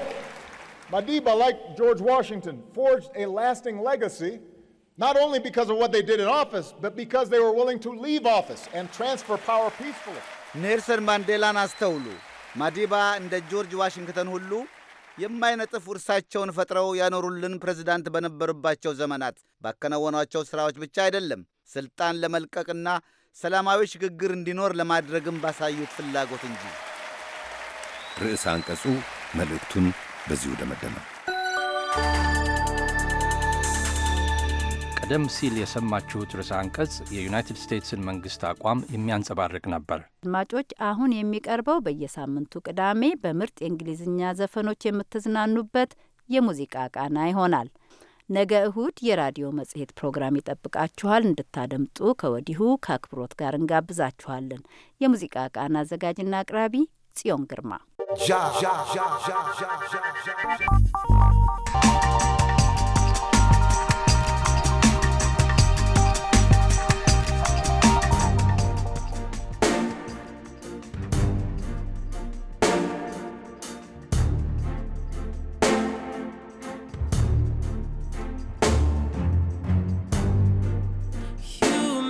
ማዲባ ላይክ ጆርጅ ዋሽንግተን ፎርጅድ ኤ ላስቲንግ ሌጋሲ not only because of what they did in office, but because they were willing to leave office and transfer power peacefully. ኔልሰን ማንዴላን አስተውሉ። ማዲባ እንደ ጆርጅ ዋሽንግተን ሁሉ የማይነጥፍ ውርሳቸውን ፈጥረው ያኖሩልን ፕሬዝዳንት በነበሩባቸው ዘመናት ባከናወኗቸው ሥራዎች ብቻ አይደለም፣ ሥልጣን ለመልቀቅና ሰላማዊ ሽግግር እንዲኖር ለማድረግም ባሳዩት ፍላጎት እንጂ። ርዕስ አንቀጹ መልእክቱን በዚሁ ደመደመ። ቀደም ሲል የሰማችሁት ርዕሰ አንቀጽ የዩናይትድ ስቴትስን መንግስት አቋም የሚያንጸባርቅ ነበር። አድማጮች፣ አሁን የሚቀርበው በየሳምንቱ ቅዳሜ በምርጥ የእንግሊዝኛ ዘፈኖች የምትዝናኑበት የሙዚቃ ቃና ይሆናል። ነገ እሁድ የራዲዮ መጽሔት ፕሮግራም ይጠብቃችኋል። እንድታደምጡ ከወዲሁ ከአክብሮት ጋር እንጋብዛችኋለን። የሙዚቃ ቃና አዘጋጅና አቅራቢ ጽዮን ግርማ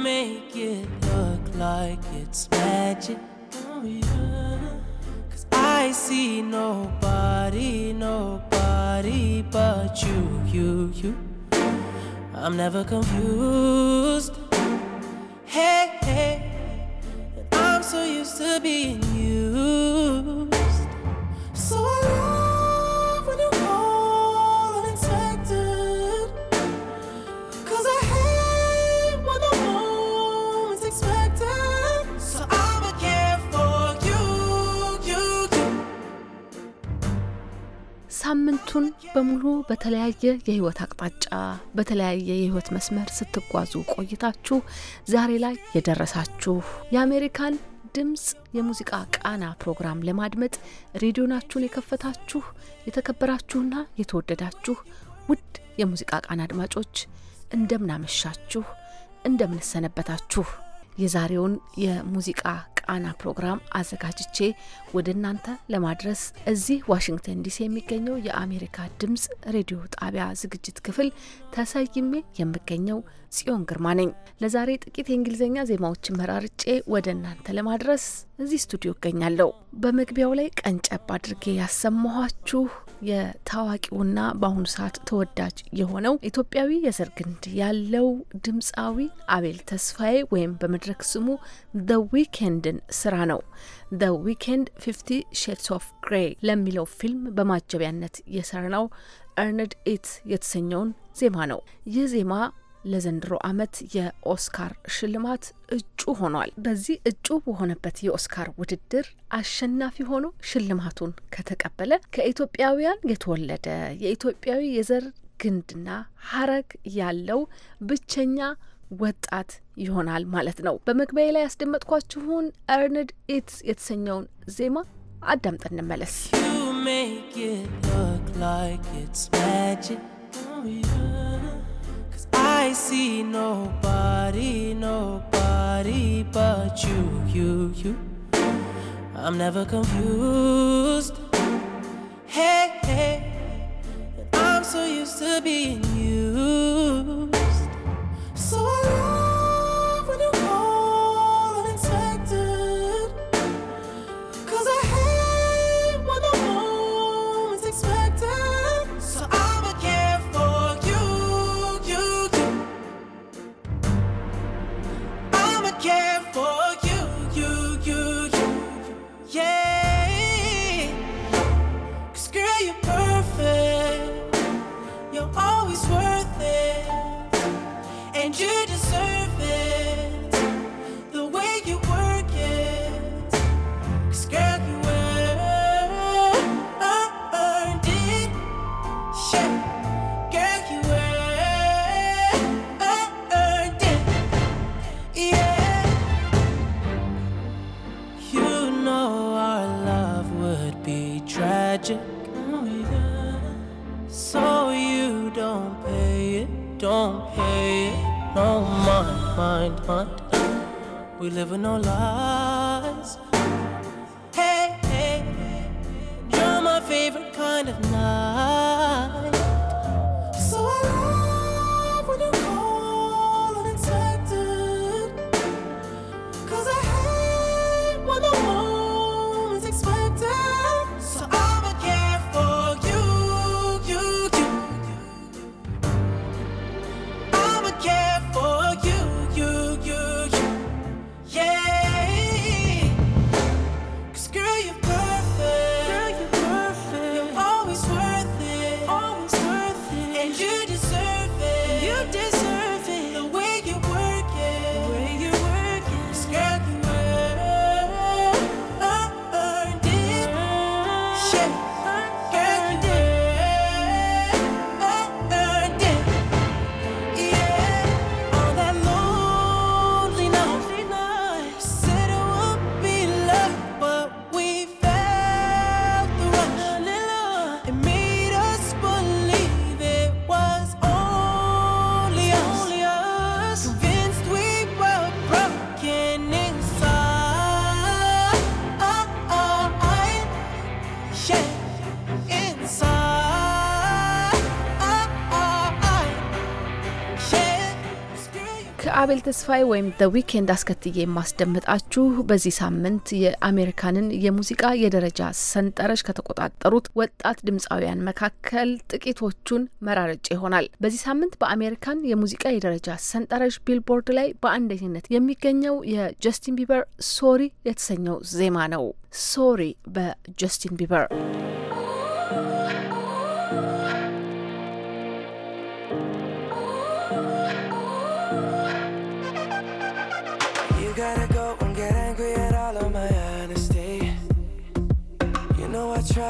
make it look like it's magic. Cause I see nobody, nobody but you, you, you. I'm never confused. Hey, hey, I'm so used to being used. So I ሳምንቱን በሙሉ በተለያየ የህይወት አቅጣጫ በተለያየ የህይወት መስመር ስትጓዙ ቆይታችሁ ዛሬ ላይ የደረሳችሁ የአሜሪካን ድምፅ የሙዚቃ ቃና ፕሮግራም ለማድመጥ ሬዲዮናችሁን የከፈታችሁ የተከበራችሁና የተወደዳችሁ ውድ የሙዚቃ ቃና አድማጮች እንደምናመሻችሁ፣ እንደምንሰነበታችሁ የዛሬውን የሙዚቃ ቃና ፕሮግራም አዘጋጅቼ ወደ እናንተ ለማድረስ እዚህ ዋሽንግተን ዲሲ የሚገኘው የአሜሪካ ድምፅ ሬዲዮ ጣቢያ ዝግጅት ክፍል ተሰይሜ የምገኘው ጽዮን ግርማ ነኝ። ለዛሬ ጥቂት የእንግሊዝኛ ዜማዎችን መራርጬ ወደ እናንተ ለማድረስ እዚህ ስቱዲዮ እገኛለሁ። በመግቢያው ላይ ቀንጨብ አድርጌ ያሰማኋችሁ የታዋቂውና በአሁኑ ሰዓት ተወዳጅ የሆነው ኢትዮጵያዊ የዘር ግንድ ያለው ድምፃዊ አቤል ተስፋዬ ወይም በመድረክ ስሙ ደ ዊኬንድን ስራ ነው። ደ ዊኬንድ ፊፍቲ ሼድስ ኦፍ ግሬ ለሚለው ፊልም በማጀቢያነት ነው። እርንድ ኢት የተሰኘውን ዜማ ነው። ይህ ዜማ ለዘንድሮ ዓመት የኦስካር ሽልማት እጩ ሆኗል። በዚህ እጩ በሆነበት የኦስካር ውድድር አሸናፊ ሆኖ ሽልማቱን ከተቀበለ ከኢትዮጵያውያን የተወለደ የኢትዮጵያዊ የዘር ግንድና ሀረግ ያለው ብቸኛ ወጣት ይሆናል ማለት ነው። በመግቢያ ላይ ያስደመጥኳችሁን ኤርንድ ኢትስ የተሰኘውን ዜማ አዳምጠን እንመለስ። I see nobody, nobody but you, you, you. I'm never confused. Hey, hey, I'm so used to being used. So never know love. አቤል ተስፋዬ ወይም ደ ዊኬንድ አስከትዬ የማስደምጣችሁ በዚህ ሳምንት የአሜሪካንን የሙዚቃ የደረጃ ሰንጠረዥ ከተቆጣጠሩት ወጣት ድምፃውያን መካከል ጥቂቶቹን መራርጭ ይሆናል። በዚህ ሳምንት በአሜሪካን የሙዚቃ የደረጃ ሰንጠረዥ ቢልቦርድ ላይ በአንደኝነት የሚገኘው የጀስቲን ቢበር ሶሪ የተሰኘው ዜማ ነው። ሶሪ በጀስቲን ቢበር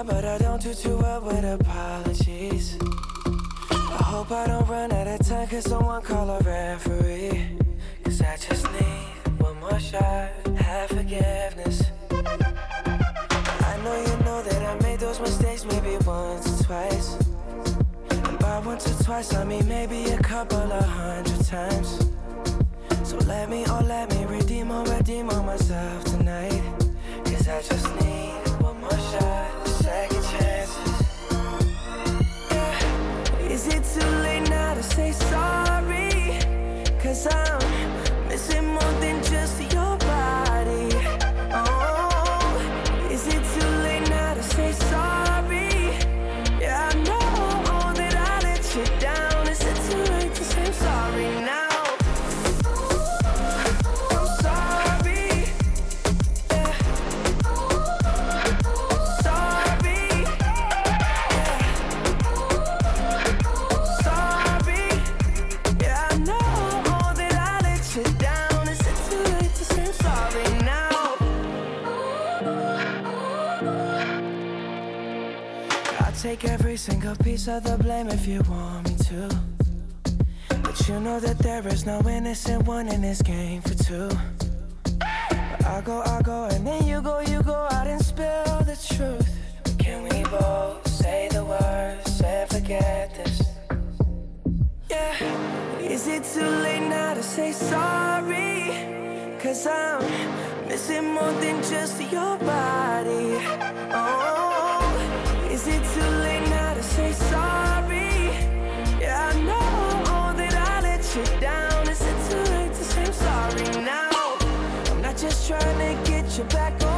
but I don't do too well with apologies. I hope I don't run out of time, cause someone call a referee. Cause I just need one more shot, have forgiveness. I know you know that I made those mistakes maybe once or twice. And by once or twice, I mean maybe a couple of hundred times. So let me, oh, let me redeem or redeem on myself tonight. Cause I just need one more shot. too late now to say sorry, cause I'm deserve the blame if you want me to. But you know that there is no innocent one in this game for two. But I go, I go, and then you go, you go out and spill the truth. Can we both say the words and forget this? Yeah. Is it too late now to say sorry? Cause I'm missing more than just your body. Oh, is it too late now to say sorry? your back on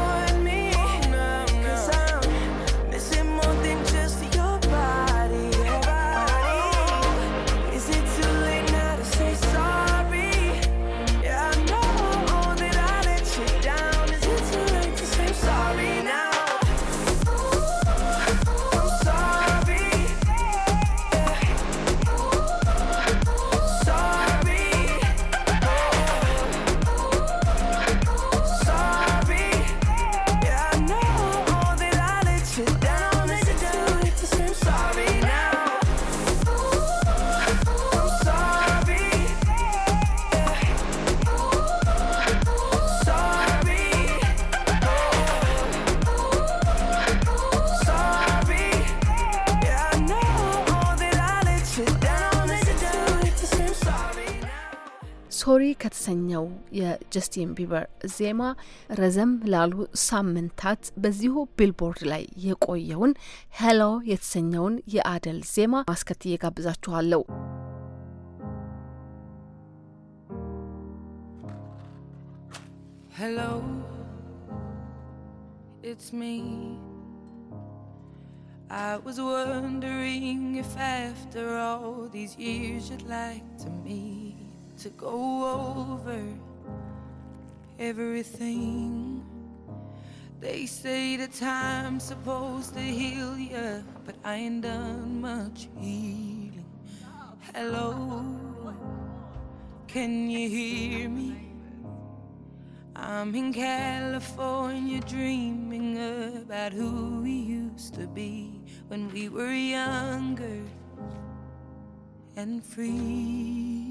ከተሰኘው የጀስቲን ቢበር ዜማ ረዘም ላሉ ሳምንታት በዚሁ ቢልቦርድ ላይ የቆየውን ሄሎ የተሰኘውን የአደል ዜማ ማስከትዬ ጋብዛችኋለሁ። Hello, it's me. I was wondering if after all these years you'd like to meet. to go over everything. They say the time's supposed to heal ya, but I ain't done much healing. Hello, can you hear me? I'm in California dreaming about who we used to be when we were younger and free.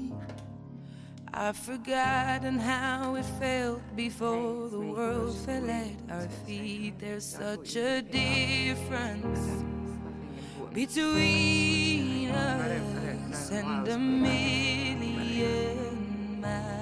I've forgotten how it felt before the world fell at our feet. There's such a difference between us and a million miles.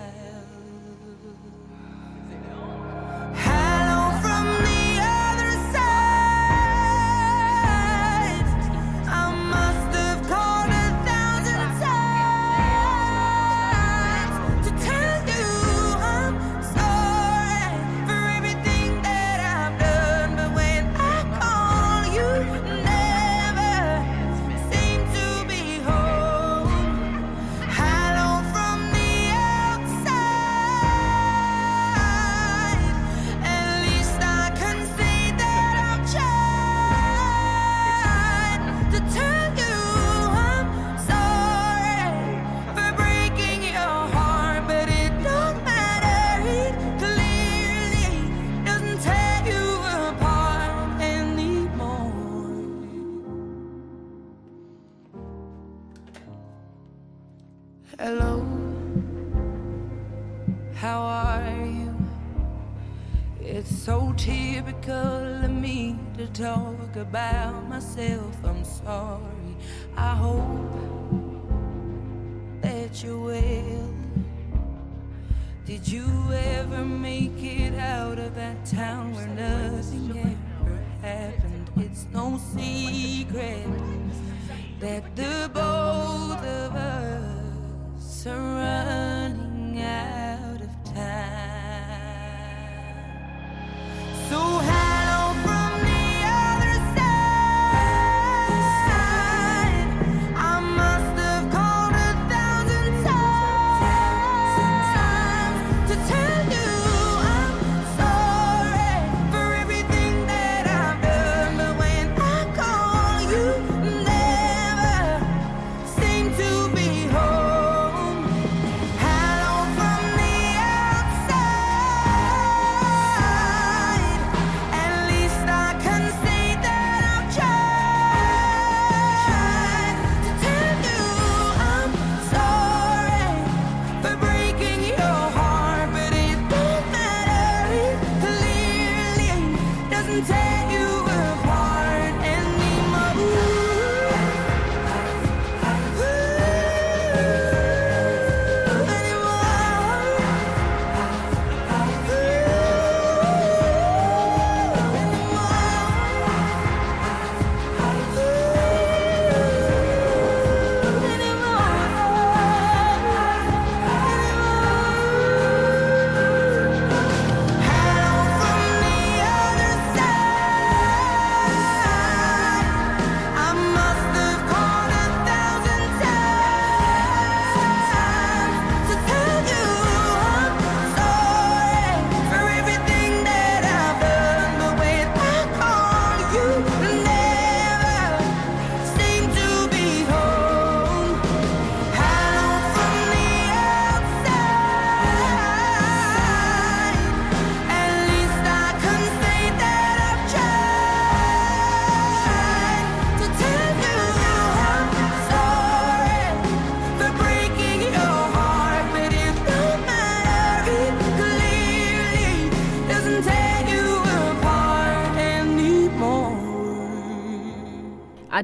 story. I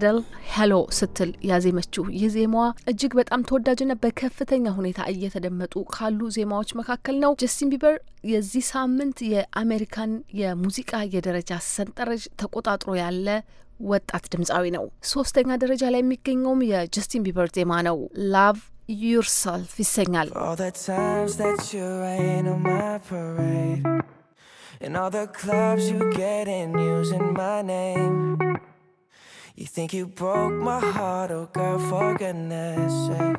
አደል ሄሎ ስትል ያዜመችው ይህ ዜማዋ እጅግ በጣም ተወዳጅና በከፍተኛ ሁኔታ እየተደመጡ ካሉ ዜማዎች መካከል ነው። ጀስቲን ቢበር የዚህ ሳምንት የአሜሪካን የሙዚቃ የደረጃ ሰንጠረዥ ተቆጣጥሮ ያለ ወጣት ድምፃዊ ነው። ሶስተኛ ደረጃ ላይ የሚገኘውም የጀስቲን ቢበር ዜማ ነው ላቭ ዩርሰልፍ ይሰኛል። And all the clubs you get in using my name You think you broke my heart, oh girl, for goodness sake.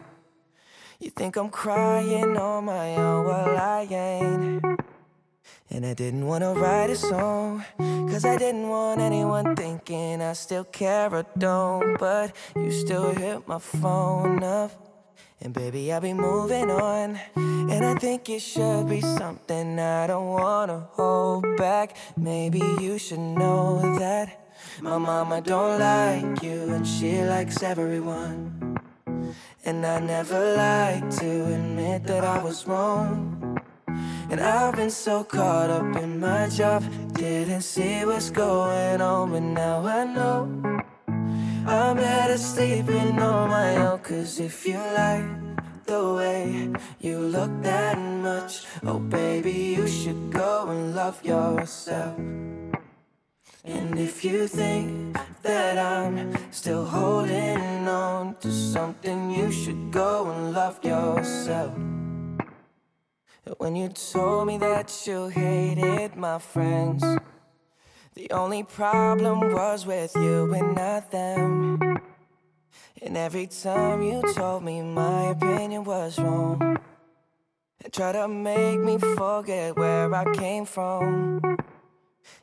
You think I'm crying on my own, well, I ain't. And I didn't wanna write a song, cause I didn't want anyone thinking I still care or don't. But you still hit my phone up, and baby, I'll be moving on. And I think it should be something I don't wanna hold back. Maybe you should know that. My mama don't like you, and she likes everyone. And I never like to admit that I was wrong. And I've been so caught up in my job, didn't see what's going on, but now I know. I'm better sleeping on my own, cause if you like the way you look that much, oh baby, you should go and love yourself. And if you think that I'm still holding on to something, you should go and love yourself. When you told me that you hated my friends, the only problem was with you and not them. And every time you told me my opinion was wrong, and tried to make me forget where I came from.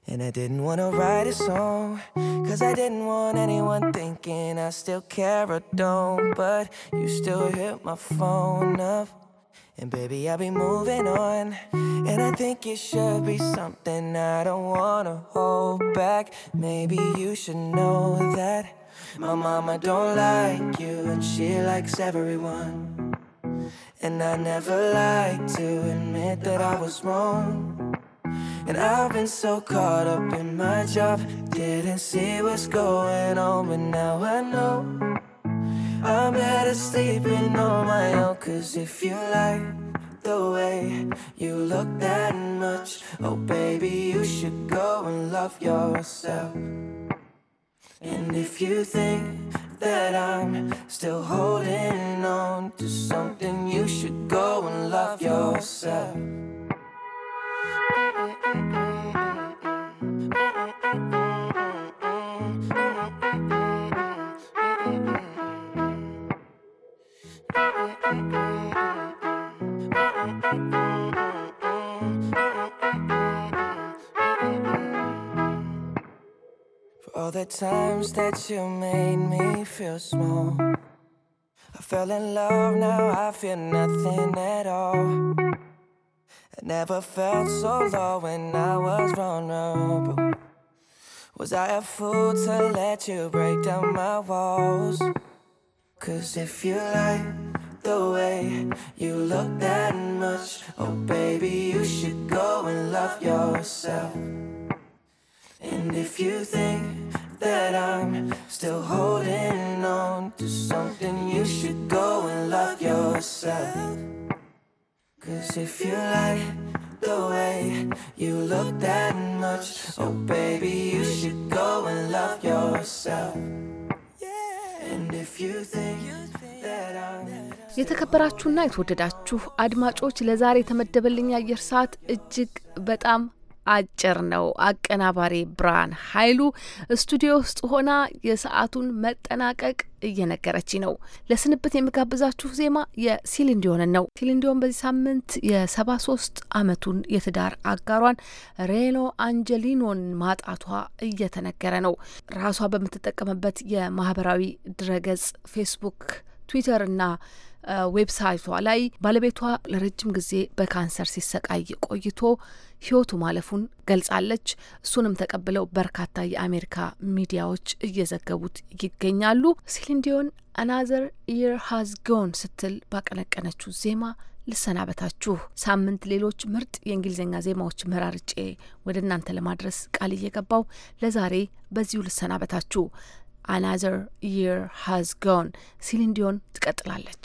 And I didn't wanna write a song, cause I didn't want anyone thinking I still care or don't. But you still hit my phone up. And baby, I'll be moving on. And I think it should be something I don't wanna hold back. Maybe you should know that my mama don't like you, and she likes everyone. And I never like to admit that I was wrong. And I've been so caught up in my job, didn't see what's going on, but now I know. I'm better sleeping on my own, cause if you like the way you look that much, oh baby, you should go and love yourself. And if you think that I'm still holding on to something, you should go and love yourself. All the times that you made me feel small. I fell in love, now I feel nothing at all. I never felt so low when I was vulnerable. Was I a fool to let you break down my walls? Cause if you like the way you look that much, oh baby, you should go and love yourself. And if you think that I'm still holding on to something. You should go and love yourself. Cause if you like the way you look that much, oh baby, you should go and love yourself. And if you think that I'm. የተከበራችሁና የተወደዳችሁ አድማጮች ለዛሬ የተመደበልኝ አየር ሰዓት እጅግ በጣም አጭር ነው። አቀናባሪ ብርሃን ኃይሉ ስቱዲዮ ውስጥ ሆና የሰዓቱን መጠናቀቅ እየነገረች ነው። ለስንብት የሚጋብዛችሁ ዜማ የሲሊን ዲዮንን ነው። ሲሊን ዲዮን በዚህ ሳምንት የሰባ ሶስት አመቱን የትዳር አጋሯን ሬኖ አንጀሊኖን ማጣቷ እየተነገረ ነው። ራሷ በምትጠቀምበት የማህበራዊ ድረገጽ ፌስቡክ፣ ትዊተር እና ዌብሳይቷ ላይ ባለቤቷ ለረጅም ጊዜ በካንሰር ሲሰቃይ ቆይቶ ህይወቱ ማለፉን ገልጻለች። እሱንም ተቀብለው በርካታ የአሜሪካ ሚዲያዎች እየዘገቡት ይገኛሉ። ሴሊንዲዮን አናዘር ኢየር ሃዝ ጎን ስትል ባቀነቀነችው ዜማ ልሰናበታችሁ። ሳምንት ሌሎች ምርጥ የእንግሊዝኛ ዜማዎች መራርጬ ወደ እናንተ ለማድረስ ቃል እየገባው ለዛሬ በዚሁ ልሰናበታችሁ። አናዘር ኢየር ሃዝ ጎን ሲሊንዲዮን ትቀጥላለች።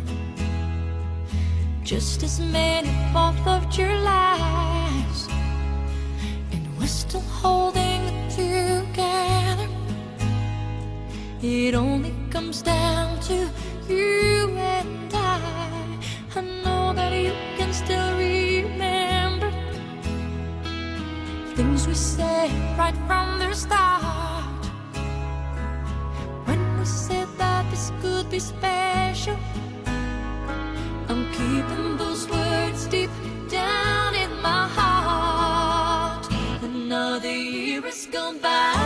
just as many Fourth of Julys, and we're still holding it together. It only comes down to you and I. I know that you can still remember things we said right from the start when we said that this could be special. deep down in my heart. Another year has gone by.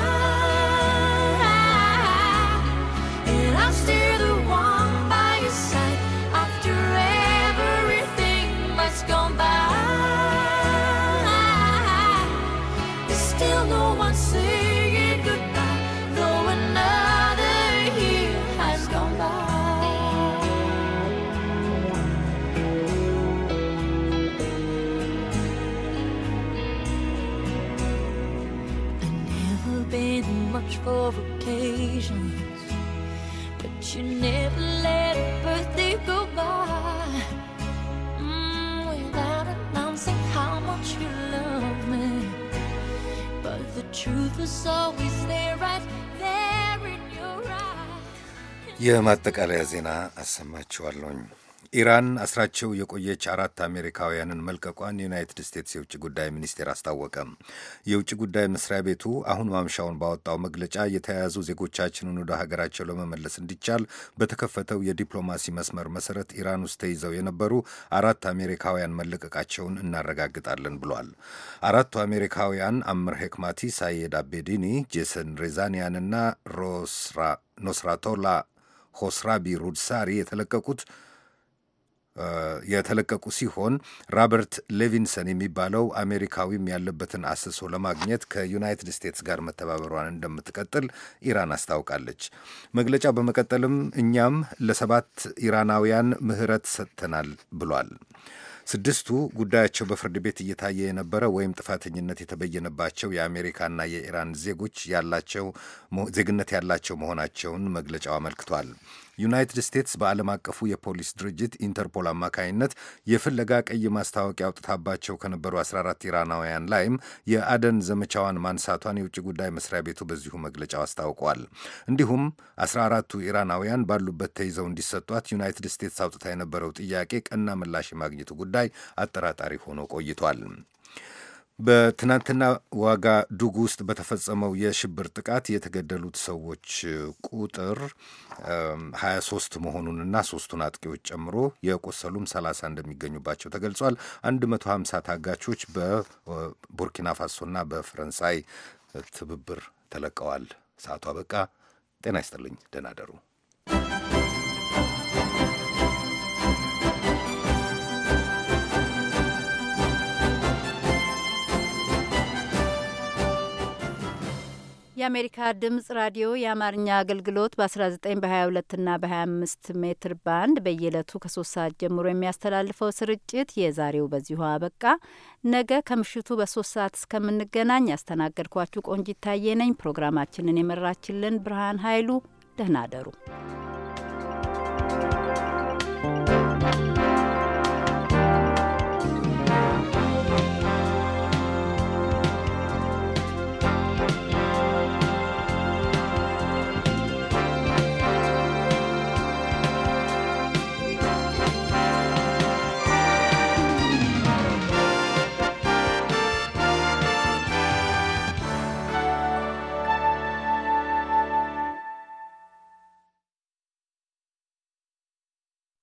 for occasions, but you never let a birthday go by mm, without announcing how much you love me. But the truth is always there, right there in your eyes. Yeah, የማጠቃለያ ዜና አሰማችኋለሁኝ። ኢራን አስራቸው የቆየች አራት አሜሪካውያንን መልቀቋን የዩናይትድ ስቴትስ የውጭ ጉዳይ ሚኒስቴር አስታወቀ። የውጭ ጉዳይ መስሪያ ቤቱ አሁን ማምሻውን ባወጣው መግለጫ የተያያዙ ዜጎቻችንን ወደ ሀገራቸው ለመመለስ እንዲቻል በተከፈተው የዲፕሎማሲ መስመር መሰረት ኢራን ውስጥ ተይዘው የነበሩ አራት አሜሪካውያን መለቀቃቸውን እናረጋግጣለን ብሏል። አራቱ አሜሪካውያን አምር ሄክማቲ፣ ሳየድ አቤዲኒ፣ ጄሰን ሬዛኒያንና ኖስራቶላ ሆስራቢ ሩድሳሪ የተለቀቁት የተለቀቁ ሲሆን ራበርት ሌቪንሰን የሚባለው አሜሪካዊም ያለበትን አስሶ ለማግኘት ከዩናይትድ ስቴትስ ጋር መተባበሯን እንደምትቀጥል ኢራን አስታውቃለች። መግለጫው በመቀጠልም እኛም ለሰባት ኢራናውያን ምህረት ሰጥተናል ብሏል። ስድስቱ ጉዳያቸው በፍርድ ቤት እየታየ የነበረ ወይም ጥፋተኝነት የተበየነባቸው የአሜሪካና የኢራን ዜጎች ያላቸው ዜግነት ያላቸው መሆናቸውን መግለጫው አመልክቷል። ዩናይትድ ስቴትስ በዓለም አቀፉ የፖሊስ ድርጅት ኢንተርፖል አማካይነት የፍለጋ ቀይ ማስታወቂያ አውጥታባቸው ከነበሩ 14 ኢራናውያን ላይም የአደን ዘመቻዋን ማንሳቷን የውጭ ጉዳይ መስሪያ ቤቱ በዚሁ መግለጫው አስታውቋል። እንዲሁም 14ቱ ኢራናውያን ባሉበት ተይዘው እንዲሰጧት ዩናይትድ ስቴትስ አውጥታ የነበረው ጥያቄ ቀና ምላሽ የማግኘቱ ጉዳይ አጠራጣሪ ሆኖ ቆይቷል። በትናንትና ዋጋ ዱግ ውስጥ በተፈጸመው የሽብር ጥቃት የተገደሉት ሰዎች ቁጥር 23 መሆኑንና ሶስቱን አጥቂዎች ጨምሮ የቆሰሉም 30 እንደሚገኙባቸው ተገልጿል። 150 ታጋቾች በቡርኪና ፋሶና በፈረንሳይ ትብብር ተለቀዋል። ሰዓቱ አበቃ። ጤና ይስጥልኝ። ደህና ደሩ። የአሜሪካ ድምጽ ራዲዮ የአማርኛ አገልግሎት በ19 በ22 እና በ25 ሜትር ባንድ በየዕለቱ ከሶስት ሰዓት ጀምሮ የሚያስተላልፈው ስርጭት የዛሬው በዚሁ አበቃ። ነገ ከምሽቱ በሶስት ሰዓት እስከምንገናኝ ያስተናገድኳችሁ ቆንጂት ታዬ ነኝ። ፕሮግራማችንን የመራችልን ብርሃን ኃይሉ። ደህና አደሩ።